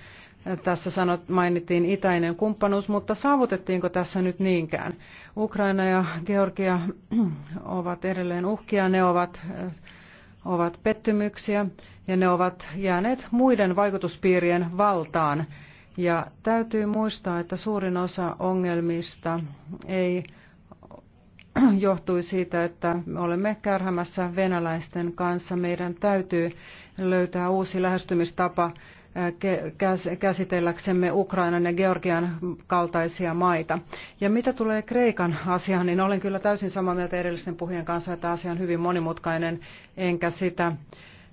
tässä sanot, mainittiin itäinen kumppanuus, mutta saavutettiinko tässä nyt niinkään? Ukraina ja Georgia ovat edelleen uhkia, ne ovat ovat pettymyksiä ja ne ovat jääneet muiden vaikutuspiirien valtaan. Ja täytyy muistaa, että suurin osa ongelmista ei johtui siitä, että me olemme kärhämässä venäläisten kanssa. Meidän täytyy löytää uusi lähestymistapa käsitelläksemme Ukrainan ja Georgian kaltaisia maita. Ja mitä tulee Kreikan asiaan, niin olen kyllä täysin samaa mieltä edellisten puhujien kanssa, että asia on hyvin monimutkainen, enkä sitä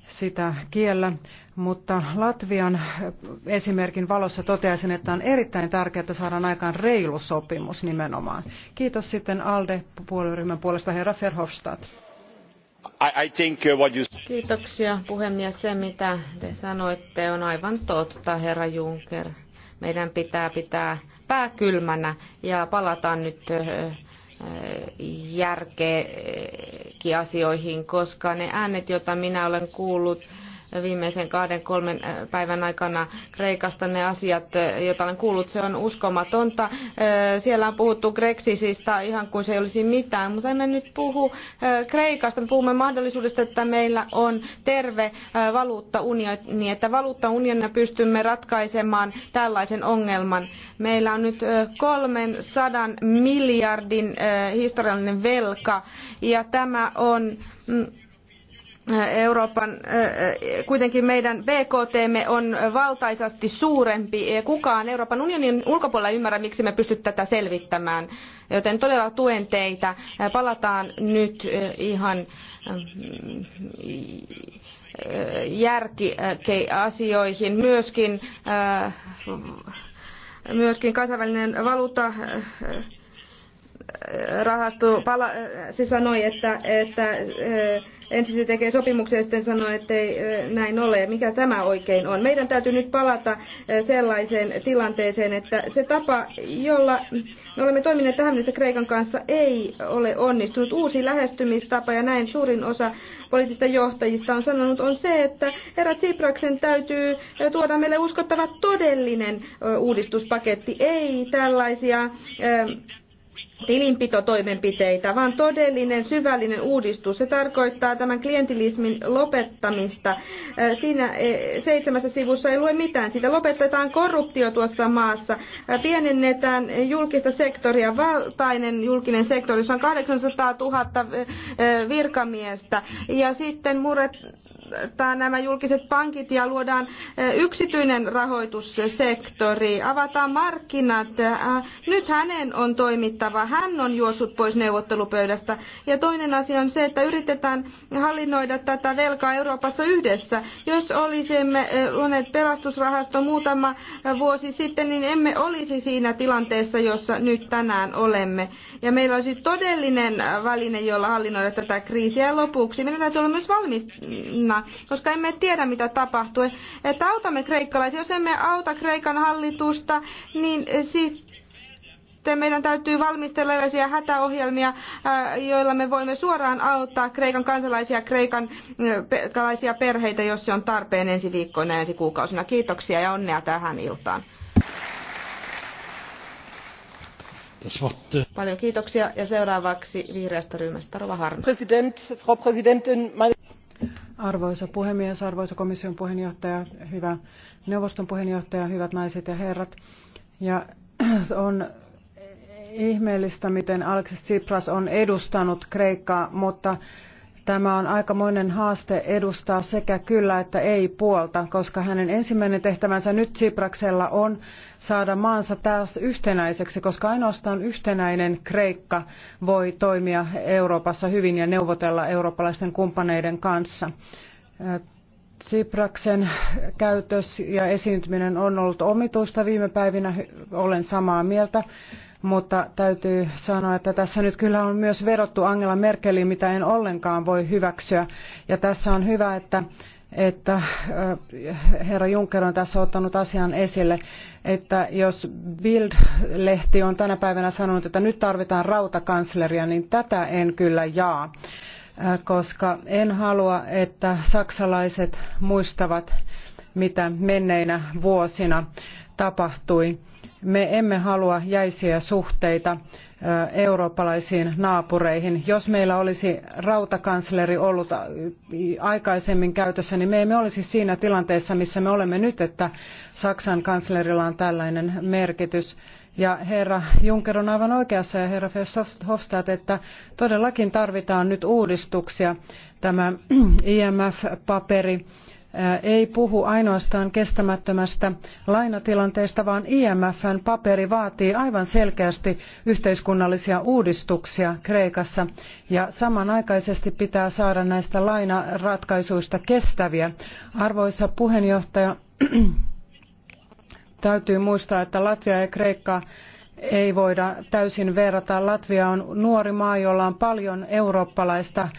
sitä kiellä, mutta Latvian esimerkin valossa toteaisin, että on erittäin tärkeää, että saadaan aikaan reilu sopimus nimenomaan. Kiitos sitten ALDE-puolueryhmän puolesta herra Verhofstadt. Uh, Kiitoksia puhemies. Se mitä te sanoitte on aivan totta, herra Juncker. Meidän pitää pitää pää kylmänä ja palata nyt järkeäkin asioihin, koska ne äänet, joita minä olen kuullut, viimeisen kahden kolmen äh, päivän aikana Kreikasta ne asiat, äh, joita olen kuullut. Se on uskomatonta. Äh, siellä on puhuttu Grexisistä ihan kuin se ei olisi mitään, mutta emme nyt puhu Kreikasta. Me puhumme mahdollisuudesta, että meillä on terve valuuttaunioni, että valuuttaunionina pystymme ratkaisemaan tällaisen ongelman. Meillä on nyt 300 miljardin historiallinen velka ja tämä on mm, Euroopan, kuitenkin meidän BKTmme on valtaisasti suurempi. Kukaan Euroopan unionin ulkopuolella ei ymmärrä, miksi me pysty tätä selvittämään. Joten todella tuen teitä. Palataan nyt ihan järkiasioihin. Myöskin, myöskin kansainvälinen valuutta rahasto pala, sanoi, että, että ensin se tekee sopimuksen ja sitten sanoo, että ei näin ole. Mikä tämä oikein on? Meidän täytyy nyt palata sellaiseen tilanteeseen, että se tapa, jolla me olemme toimineet tähän mennessä Kreikan kanssa, ei ole onnistunut. Uusi lähestymistapa ja näin suurin osa poliittisista johtajista on sanonut on se, että herra Tsipraksen täytyy tuoda meille uskottava todellinen uudistuspaketti, ei tällaisia tilinpitotoimenpiteitä, vaan todellinen syvällinen uudistus. Se tarkoittaa tämän klientilismin lopettamista. Siinä seitsemässä sivussa ei lue mitään. Siitä lopetetaan korruptio tuossa maassa. Pienennetään julkista sektoria, valtainen julkinen sektori, jossa on 800 000 virkamiestä. Ja sitten muretaan nämä julkiset pankit ja luodaan yksityinen rahoitussektori. Avataan markkinat. Nyt hänen on toimittava hän on juossut pois neuvottelupöydästä. Ja toinen asia on se, että yritetään hallinnoida tätä velkaa Euroopassa yhdessä. Jos olisimme eh, luoneet pelastusrahasto muutama eh, vuosi sitten, niin emme olisi siinä tilanteessa, jossa nyt tänään olemme. Ja meillä olisi todellinen eh, väline, jolla hallinnoida tätä kriisiä. Ja lopuksi meidän täytyy olla myös valmiina, koska emme tiedä, mitä tapahtuu. Että autamme kreikkalaisia. Jos emme auta Kreikan hallitusta, niin sitten sitten meidän täytyy valmistella erilaisia hätäohjelmia, äh, joilla me voimme suoraan auttaa Kreikan kansalaisia, Kreikan äh, kalaisia perheitä, jos se on tarpeen ensi viikkoina ja ensi kuukausina. Kiitoksia ja onnea tähän iltaan. Äh, Paljon kiitoksia ja seuraavaksi vihreästä ryhmästä Rova Harms. Arvoisa puhemies, arvoisa komission puheenjohtaja, hyvä neuvoston puheenjohtaja, hyvät naiset ja herrat. Ja on ihmeellistä, miten Alexis Tsipras on edustanut Kreikkaa, mutta Tämä on aikamoinen haaste edustaa sekä kyllä että ei puolta, koska hänen ensimmäinen tehtävänsä nyt Tsipraksella on saada maansa taas yhtenäiseksi, koska ainoastaan yhtenäinen Kreikka voi toimia Euroopassa hyvin ja neuvotella eurooppalaisten kumppaneiden kanssa. Tsipraksen käytös ja esiintyminen on ollut omituista viime päivinä, olen samaa mieltä mutta täytyy sanoa, että tässä nyt kyllä on myös verottu Angela Merkeliin, mitä en ollenkaan voi hyväksyä. Ja tässä on hyvä, että että äh, herra Juncker on tässä ottanut asian esille, että jos Bild-lehti on tänä päivänä sanonut, että nyt tarvitaan rautakansleria, niin tätä en kyllä jaa, äh, koska en halua, että saksalaiset muistavat, mitä menneinä vuosina tapahtui me emme halua jäisiä suhteita eurooppalaisiin naapureihin. Jos meillä olisi rautakansleri ollut aikaisemmin käytössä, niin me emme olisi siinä tilanteessa, missä me olemme nyt, että Saksan kanslerilla on tällainen merkitys. Ja herra Juncker on aivan oikeassa ja herra Verhofstadt, että todellakin tarvitaan nyt uudistuksia. Tämä IMF-paperi ei puhu ainoastaan kestämättömästä lainatilanteesta, vaan IMFn paperi vaatii aivan selkeästi yhteiskunnallisia uudistuksia Kreikassa ja samanaikaisesti pitää saada näistä lainaratkaisuista kestäviä. Arvoisa puheenjohtaja, täytyy muistaa, että Latvia ja Kreikka ei voida täysin verrata. Latvia on nuori maa, jolla on paljon eurooppalaista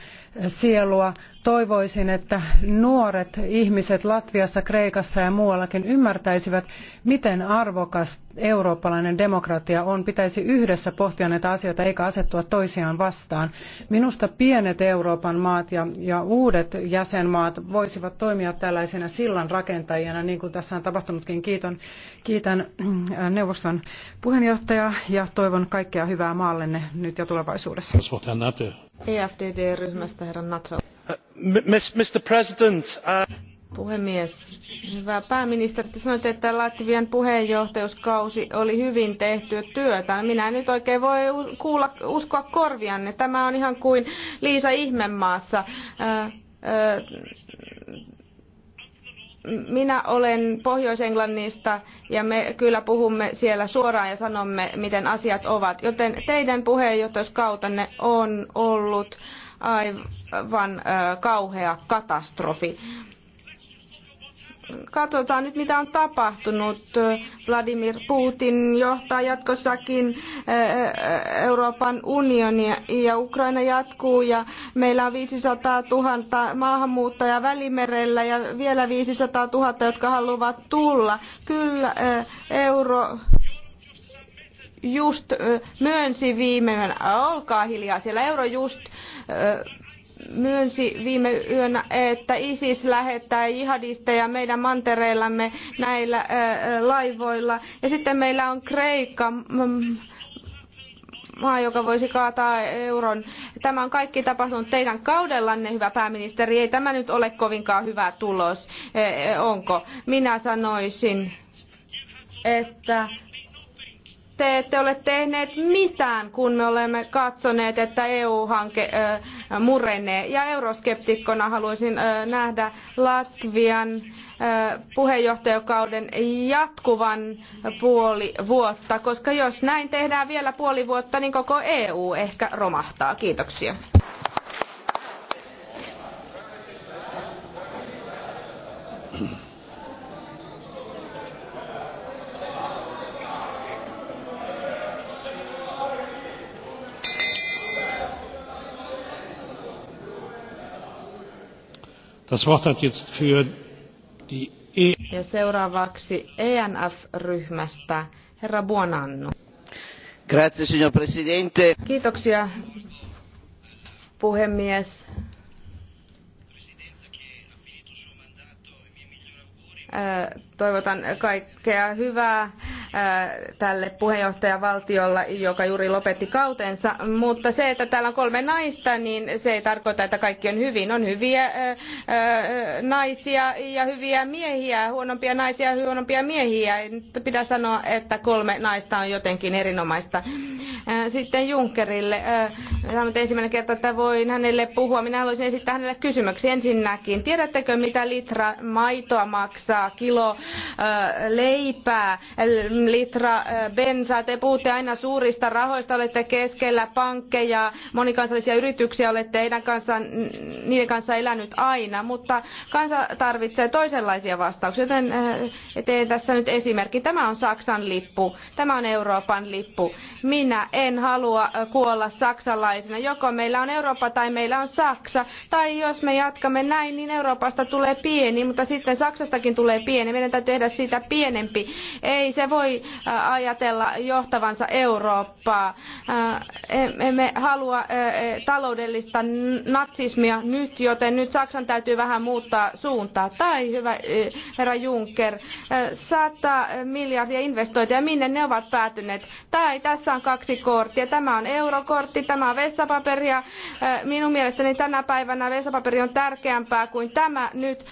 sielua toivoisin, että nuoret ihmiset Latviassa, Kreikassa ja muuallakin ymmärtäisivät, miten arvokas eurooppalainen demokratia on. Pitäisi yhdessä pohtia näitä asioita eikä asettua toisiaan vastaan. Minusta pienet Euroopan maat ja, ja uudet jäsenmaat voisivat toimia tällaisina sillanrakentajina, niin kuin tässä on tapahtunutkin. Kiiton, kiitän äh, neuvoston puheenjohtajaa ja toivon kaikkea hyvää maallenne nyt ja tulevaisuudessa. EFDD-ryhmästä herra Natsal. Uh, uh, puhemies hyvä pääministeri te sanoitte että latvian puheenjohtajuuskausi oli hyvin tehtyä työtä. minä en nyt oikein voi kuulla, uskoa korvianne. tämä on ihan kuin liisa ihmemaassa. Äh, äh, minä olen Pohjois-Englannista ja me kyllä puhumme siellä suoraan ja sanomme, miten asiat ovat. Joten teidän puheenjohtajuuskautanne on ollut aivan kauhea katastrofi. Katsotaan nyt, mitä on tapahtunut. Vladimir Putin johtaa jatkossakin Euroopan unionia ja Ukraina jatkuu ja meillä on 500 000 maahanmuuttajaa välimerellä ja vielä 500 000, jotka haluavat tulla. Kyllä Euro just myönsi viime yönä, olkaa hiljaa, siellä Eurojust myönsi viime yönä, että ISIS lähettää jihadisteja meidän mantereillamme näillä laivoilla. Ja sitten meillä on Kreikka, maa, joka voisi kaataa euron. Tämä on kaikki tapahtunut teidän kaudellanne, hyvä pääministeri. Ei tämä nyt ole kovinkaan hyvä tulos, e, e, onko? Minä sanoisin, että te ette ole tehneet mitään, kun me olemme katsoneet, että EU-hanke murenee. Ja euroskeptikkona haluaisin nähdä Latvian puheenjohtajakauden jatkuvan puoli vuotta, koska jos näin tehdään vielä puoli vuotta, niin koko EU ehkä romahtaa. Kiitoksia. Das Wort hat jetzt für die e ja seuraavaksi ENF-ryhmästä herra Buonanno. Grazie, signor Presidente. Kiitoksia, puhemies. Toivotan kaikkea hyvää tälle puheenjohtajavaltiolla, joka juuri lopetti kautensa. Mutta se, että täällä on kolme naista, niin se ei tarkoita, että kaikki on hyvin. On hyviä naisia ja hyviä miehiä, huonompia naisia ja huonompia miehiä. Pitää sanoa, että kolme naista on jotenkin erinomaista. Sitten Junckerille. Tämä on ensimmäinen kerta, että voin hänelle puhua. Minä haluaisin esittää hänelle kysymyksiä ensinnäkin. Tiedättekö, mitä litra maitoa maksaa, kilo leipää, litra eh, bensaa. Te puhutte aina suurista rahoista, olette keskellä pankkeja, monikansallisia yrityksiä, olette heidän kanssa niiden kanssa elänyt aina, mutta kansa tarvitsee toisenlaisia vastauksia, joten eh, teen tässä nyt esimerkki. Tämä on Saksan lippu, tämä on Euroopan lippu. Minä en halua eh, kuolla saksalaisena. Joko meillä on Eurooppa tai meillä on Saksa, tai jos me jatkamme näin, niin Euroopasta tulee pieni, mutta sitten Saksastakin tulee pieni. Meidän täytyy tehdä siitä pienempi. Ei se voi voi ajatella johtavansa Eurooppaa. Emme halua e, taloudellista natsismia nyt, joten nyt Saksan täytyy vähän muuttaa suuntaa. Tai hyvä herra Juncker, 100 miljardia investointeja, minne ne ovat päätyneet? Tai tässä on kaksi korttia. Tämä on eurokortti, tämä on vessapaperi ja minun mielestäni tänä päivänä vessapaperi on tärkeämpää kuin tämä nyt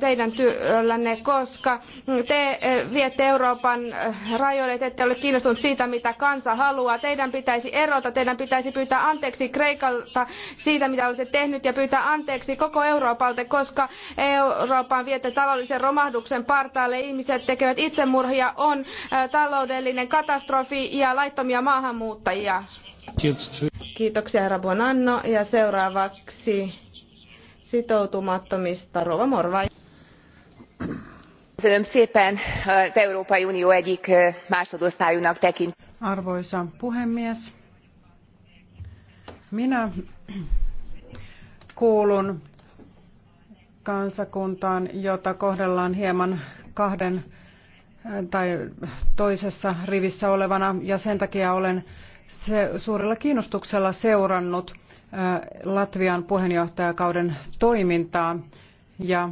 teidän työllänne, koska te viette Eurooppaa Euroopan eh, rajoille, te ette ole kiinnostunut siitä, mitä kansa haluaa. Teidän pitäisi erota, teidän pitäisi pyytää anteeksi Kreikalta siitä, mitä olette tehnyt, ja pyytää anteeksi koko Euroopalta, koska Euroopan viette taloudellisen romahduksen partaalle. Ihmiset tekevät itsemurhia, on eh, taloudellinen katastrofi ja laittomia maahanmuuttajia. Kiitoksia, herra Ja seuraavaksi sitoutumattomista Rova Morvai az európai unió egyik másodosztályúnak tekintett. arvoisa puhemies minä kuulun kansakuntaan jota kohdellaan hieman kahden tai toisessa rivissä olevana ja sen takia olen suurella kiinnostuksella seurannut Latvian puheenjohtajakauden toimintaa ja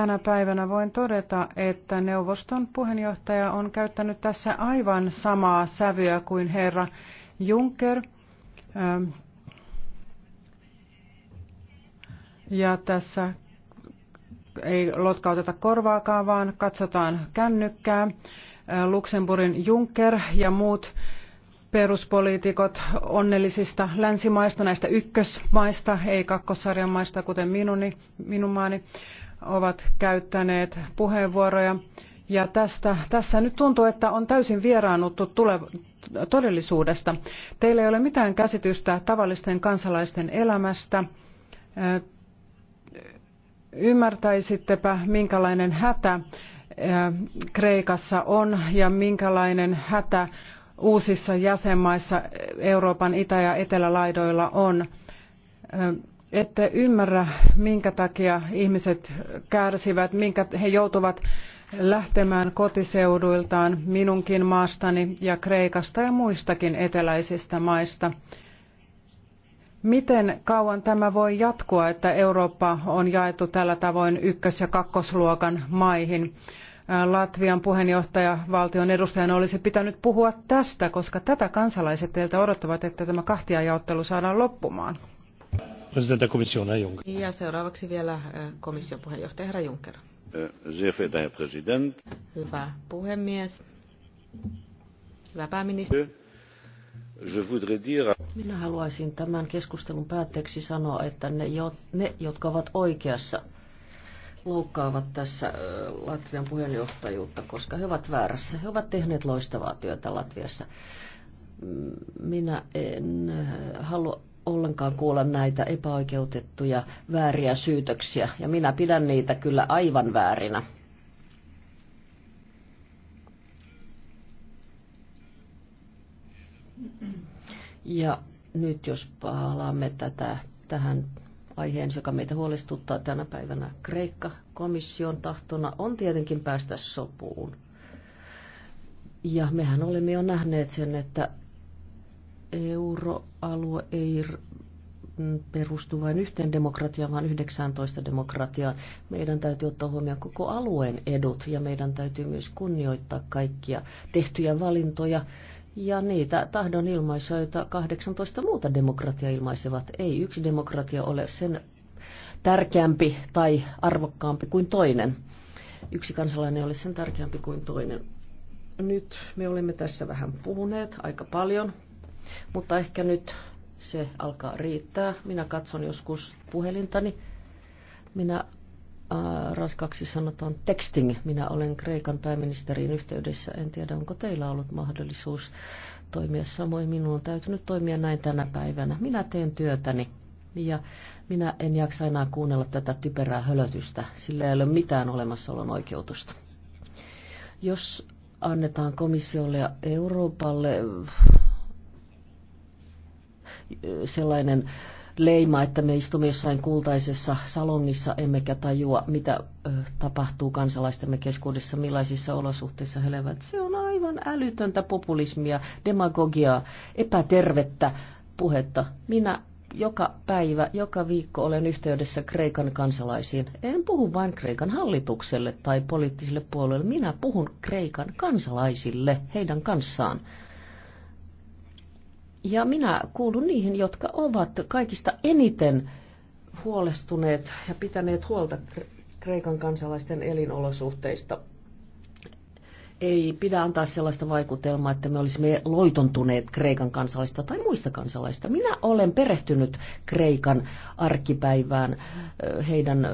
tänä päivänä voin todeta, että neuvoston puheenjohtaja on käyttänyt tässä aivan samaa sävyä kuin herra Juncker. Ähm, ja tässä ei lotkauteta korvaakaan, vaan katsotaan kännykkää. Äh, Luxemburgin Juncker ja muut peruspoliitikot onnellisista länsimaista, näistä ykkösmaista, ei kakkosarjan maista, kuten minun, minun maani, ovat käyttäneet puheenvuoroja. Ja tästä, tässä nyt tuntuu, että on täysin vieraannuttu todellisuudesta. Teillä ei ole mitään käsitystä tavallisten kansalaisten elämästä. Ymmärtäisittepä, minkälainen hätä Kreikassa on ja minkälainen hätä uusissa jäsenmaissa Euroopan itä- ja etelälaidoilla on ette ymmärrä, minkä takia ihmiset kärsivät, minkä he joutuvat lähtemään kotiseuduiltaan minunkin maastani ja Kreikasta ja muistakin eteläisistä maista. Miten kauan tämä voi jatkua, että Eurooppa on jaettu tällä tavoin ykkös- ja kakkosluokan maihin? Latvian puheenjohtaja valtion edustajana olisi pitänyt puhua tästä, koska tätä kansalaiset teiltä odottavat, että tämä kahtiajaottelu saadaan loppumaan presidentti komissiona Juncker. Ja seuraavaksi vielä e, komission puheenjohtaja herra Juncker. E, Hyvä puhemies. Hyvä pääministeri. Minä haluaisin tämän keskustelun päätteeksi sanoa, että ne, ne jotka ovat oikeassa, loukkaavat tässä e, Latvian puheenjohtajuutta, koska he ovat väärässä. He ovat tehneet loistavaa työtä Latviassa. Minä en halua ollenkaan kuulla näitä epäoikeutettuja vääriä syytöksiä, ja minä pidän niitä kyllä aivan väärinä. Ja nyt jos palaamme tätä, tähän aiheen, joka meitä huolestuttaa tänä päivänä, Kreikka komission tahtona on tietenkin päästä sopuun. Ja mehän olemme jo nähneet sen, että Euroalue ei perustu vain yhteen demokratiaan, vaan 19 demokratiaan. Meidän täytyy ottaa huomioon koko alueen edut ja meidän täytyy myös kunnioittaa kaikkia tehtyjä valintoja ja niitä tahdon ilmaisuja, joita 18 muuta demokratia ilmaisevat. Ei yksi demokratia ole sen tärkeämpi tai arvokkaampi kuin toinen. Yksi kansalainen ei ole sen tärkeämpi kuin toinen. Nyt me olemme tässä vähän puhuneet aika paljon mutta ehkä nyt se alkaa riittää. Minä katson joskus puhelintani. Minä ää, äh, raskaksi sanotaan texting. Minä olen Kreikan pääministerin yhteydessä. En tiedä, onko teillä ollut mahdollisuus toimia samoin. Minun on täytynyt toimia näin tänä päivänä. Minä teen työtäni ja minä en jaksa enää kuunnella tätä typerää hölötystä. Sillä ei ole mitään olemassaolon oikeutusta. Jos annetaan komissiolle ja Euroopalle sellainen leima, että me istumme jossain kultaisessa salongissa, emmekä tajua, mitä tapahtuu kansalaistemme keskuudessa, millaisissa olosuhteissa he elävät. Se on aivan älytöntä populismia, demagogiaa, epätervettä puhetta. Minä joka päivä, joka viikko olen yhteydessä Kreikan kansalaisiin. En puhu vain Kreikan hallitukselle tai poliittisille puolueille, minä puhun Kreikan kansalaisille heidän kanssaan. Ja minä kuulun niihin, jotka ovat kaikista eniten huolestuneet ja pitäneet huolta Kreikan kansalaisten elinolosuhteista ei pidä antaa sellaista vaikutelmaa, että me olisimme loitontuneet Kreikan kansalaista tai muista kansalaista. Minä olen perehtynyt Kreikan arkipäivään, heidän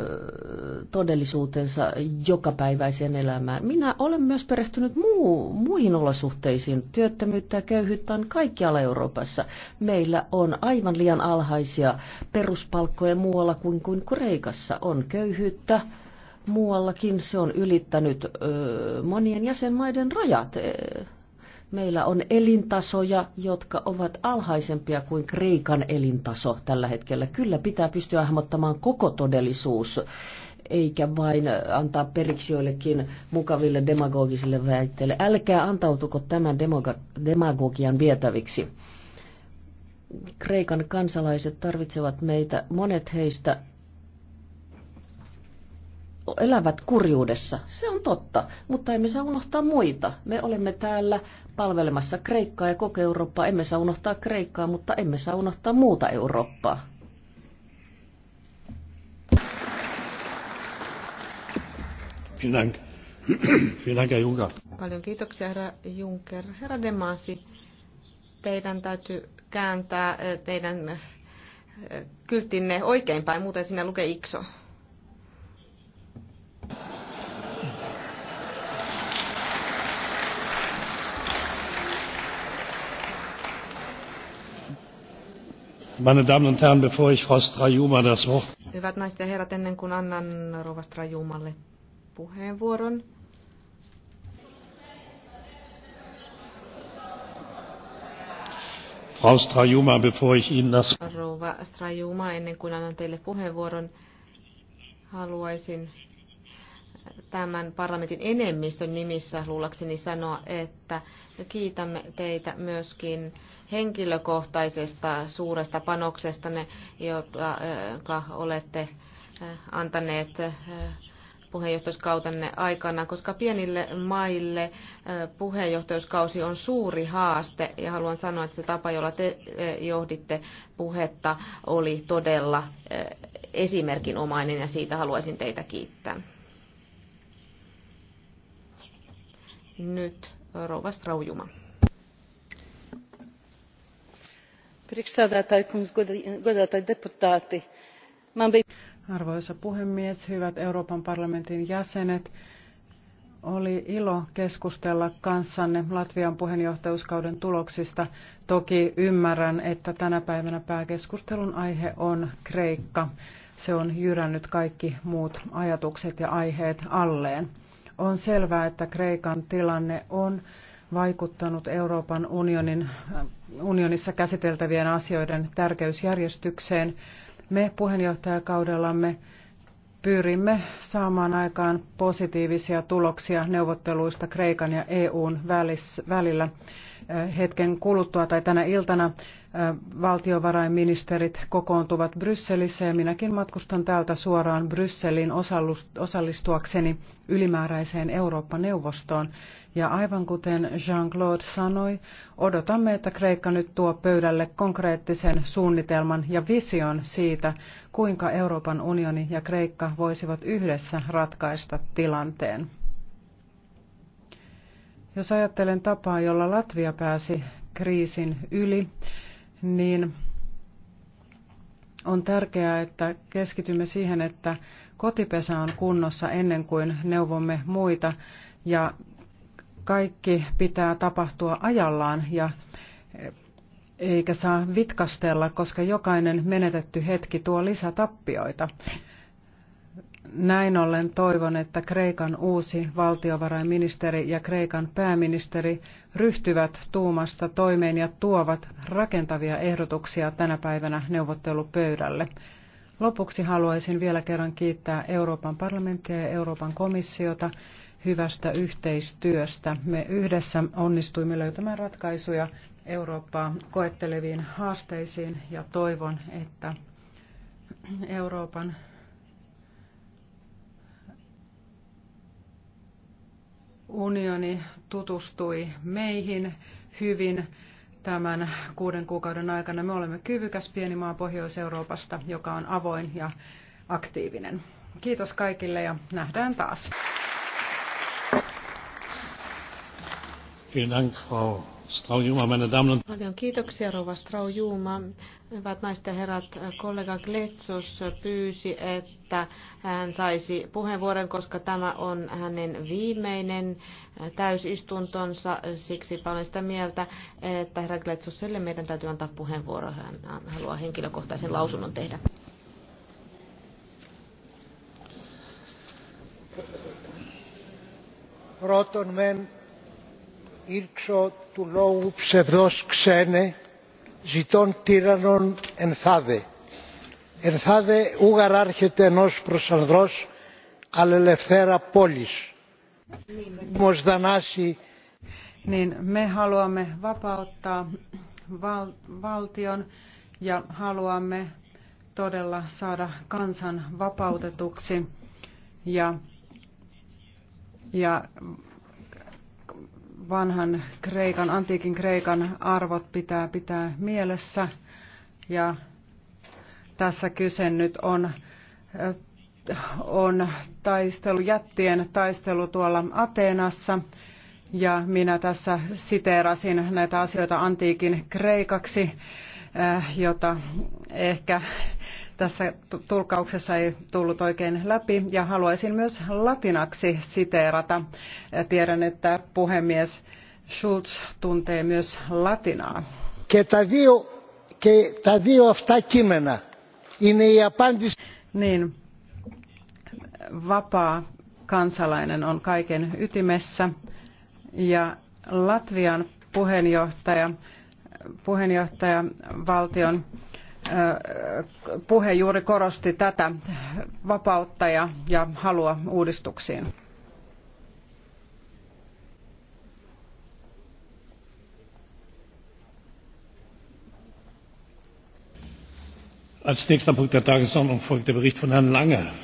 todellisuutensa jokapäiväiseen elämään. Minä olen myös perehtynyt muu, muihin olosuhteisiin. Työttömyyttä, köyhyyttä on kaikkialla Euroopassa. Meillä on aivan liian alhaisia peruspalkkoja muualla kuin, kuin Kreikassa. On köyhyyttä, Muuallakin se on ylittänyt monien jäsenmaiden rajat. E, meillä on elintasoja, jotka ovat alhaisempia kuin Kreikan elintaso tällä hetkellä. Kyllä pitää pystyä hahmottamaan koko todellisuus eikä vain antaa periksi joillekin mukaville demagogisille väitteille. Älkää antautuko tämän demagogian vietäviksi. Kreikan kansalaiset tarvitsevat meitä, monet heistä elävät kurjuudessa. Se on totta, mutta emme saa unohtaa muita. Me olemme täällä palvelemassa Kreikkaa ja koko Eurooppaa. Emme saa unohtaa Kreikkaa, mutta emme saa unohtaa muuta Eurooppaa. Paljon kiitoksia, herra Juncker. Herra Demasi, teidän täytyy kääntää eh, teidän eh, kyltinne oikeinpäin, muuten siinä lukee Ikso. Meine Damen und Herren, bevor ich Frau Strajuma das Wort... Hyvät naiset ja herrat, ennen kuin annan Rova Strajumalle puheenvuoron, Frau Strajuma, bevor ich Ihnen das... Strajuma, ennen kuin annan teille puheenvuoron, haluaisin tämän parlamentin enemmistön nimissä luulakseni sanoa, että kiitämme teitä myöskin henkilökohtaisesta suuresta panoksesta, jota olette antaneet puheenjohtajuuskautenne aikana, koska pienille maille puheenjohtajuuskausi on suuri haaste ja haluan sanoa, että se tapa, jolla te johditte puhetta, oli todella esimerkinomainen ja siitä haluaisin teitä kiittää. Nyt rouva Straujuma. Arvoisa puhemies, hyvät Euroopan parlamentin jäsenet, oli ilo keskustella kanssanne Latvian puheenjohtajuuskauden tuloksista. Toki ymmärrän, että tänä päivänä pääkeskustelun aihe on Kreikka. Se on jyrännyt kaikki muut ajatukset ja aiheet alleen. On selvää, että Kreikan tilanne on vaikuttanut Euroopan unionin, äh, unionissa käsiteltävien asioiden tärkeysjärjestykseen. Me puheenjohtajakaudellamme pyrimme saamaan aikaan positiivisia tuloksia neuvotteluista Kreikan ja EUn välillä hetken kuluttua tai tänä iltana valtiovarainministerit kokoontuvat Brysselissä ja minäkin matkustan täältä suoraan Brysselin osallistuakseni ylimääräiseen Eurooppa-neuvostoon. Ja aivan kuten Jean-Claude sanoi, odotamme, että Kreikka nyt tuo pöydälle konkreettisen suunnitelman ja vision siitä, kuinka Euroopan unioni ja Kreikka voisivat yhdessä ratkaista tilanteen. Jos ajattelen tapaa, jolla Latvia pääsi kriisin yli, niin on tärkeää, että keskitymme siihen, että kotipesä on kunnossa ennen kuin neuvomme muita ja kaikki pitää tapahtua ajallaan ja eikä saa vitkastella, koska jokainen menetetty hetki tuo lisätappioita näin ollen toivon, että Kreikan uusi valtiovarainministeri ja Kreikan pääministeri ryhtyvät tuumasta toimeen ja tuovat rakentavia ehdotuksia tänä päivänä neuvottelupöydälle. Lopuksi haluaisin vielä kerran kiittää Euroopan parlamenttia ja Euroopan komissiota hyvästä yhteistyöstä. Me yhdessä onnistuimme löytämään ratkaisuja Eurooppaa koetteleviin haasteisiin ja toivon, että Euroopan unioni tutustui meihin hyvin tämän kuuden kuukauden aikana. Me olemme kyvykäs pieni maa Pohjois-Euroopasta, joka on avoin ja aktiivinen. Kiitos kaikille ja nähdään taas. Vielen Dank, Frau Straujuma, meine Damen und Paljon kiitoksia, Rova Straujuma. Hyvät naiset ja herrat, kollega Gletsos pyysi, että hän saisi puheenvuoron, koska tämä on hänen viimeinen täysistuntonsa. Siksi olen sitä mieltä, että herra Gletsoselle meidän täytyy antaa puheenvuoro. Hän haluaa henkilökohtaisen lausunnon tehdä. Roton men ήρξω του λόγου ψευδός ξένε ζητών τύραννων ενθάδε. Ενθάδε ούγαρ άρχεται ενός προσανδρός αλλελευθέρα πόλης. Όμως δανάσει niin me haluamme vapauttaa val- valtion ja haluamme todella saada kansan vapautetuksi ja, ja vanhan Kreikan, antiikin Kreikan arvot pitää pitää mielessä. Ja tässä kyse nyt on, on taistelu, jättien taistelu tuolla Ateenassa. Ja minä tässä siteerasin näitä asioita antiikin Kreikaksi, eh, jota ehkä tässä tulkauksessa ei tullut oikein läpi ja haluaisin myös latinaksi siteerata. Tiedän, että puhemies Schulz tuntee myös latinaa. Niin, vapaa kansalainen on kaiken ytimessä ja Latvian puheenjohtaja, puheenjohtaja valtion puhe juuri korosti tätä vapautta ja, ja halua uudistuksiin. Als nächster Punkt der Tagesordnung folgt der Bericht von Herrn Lange.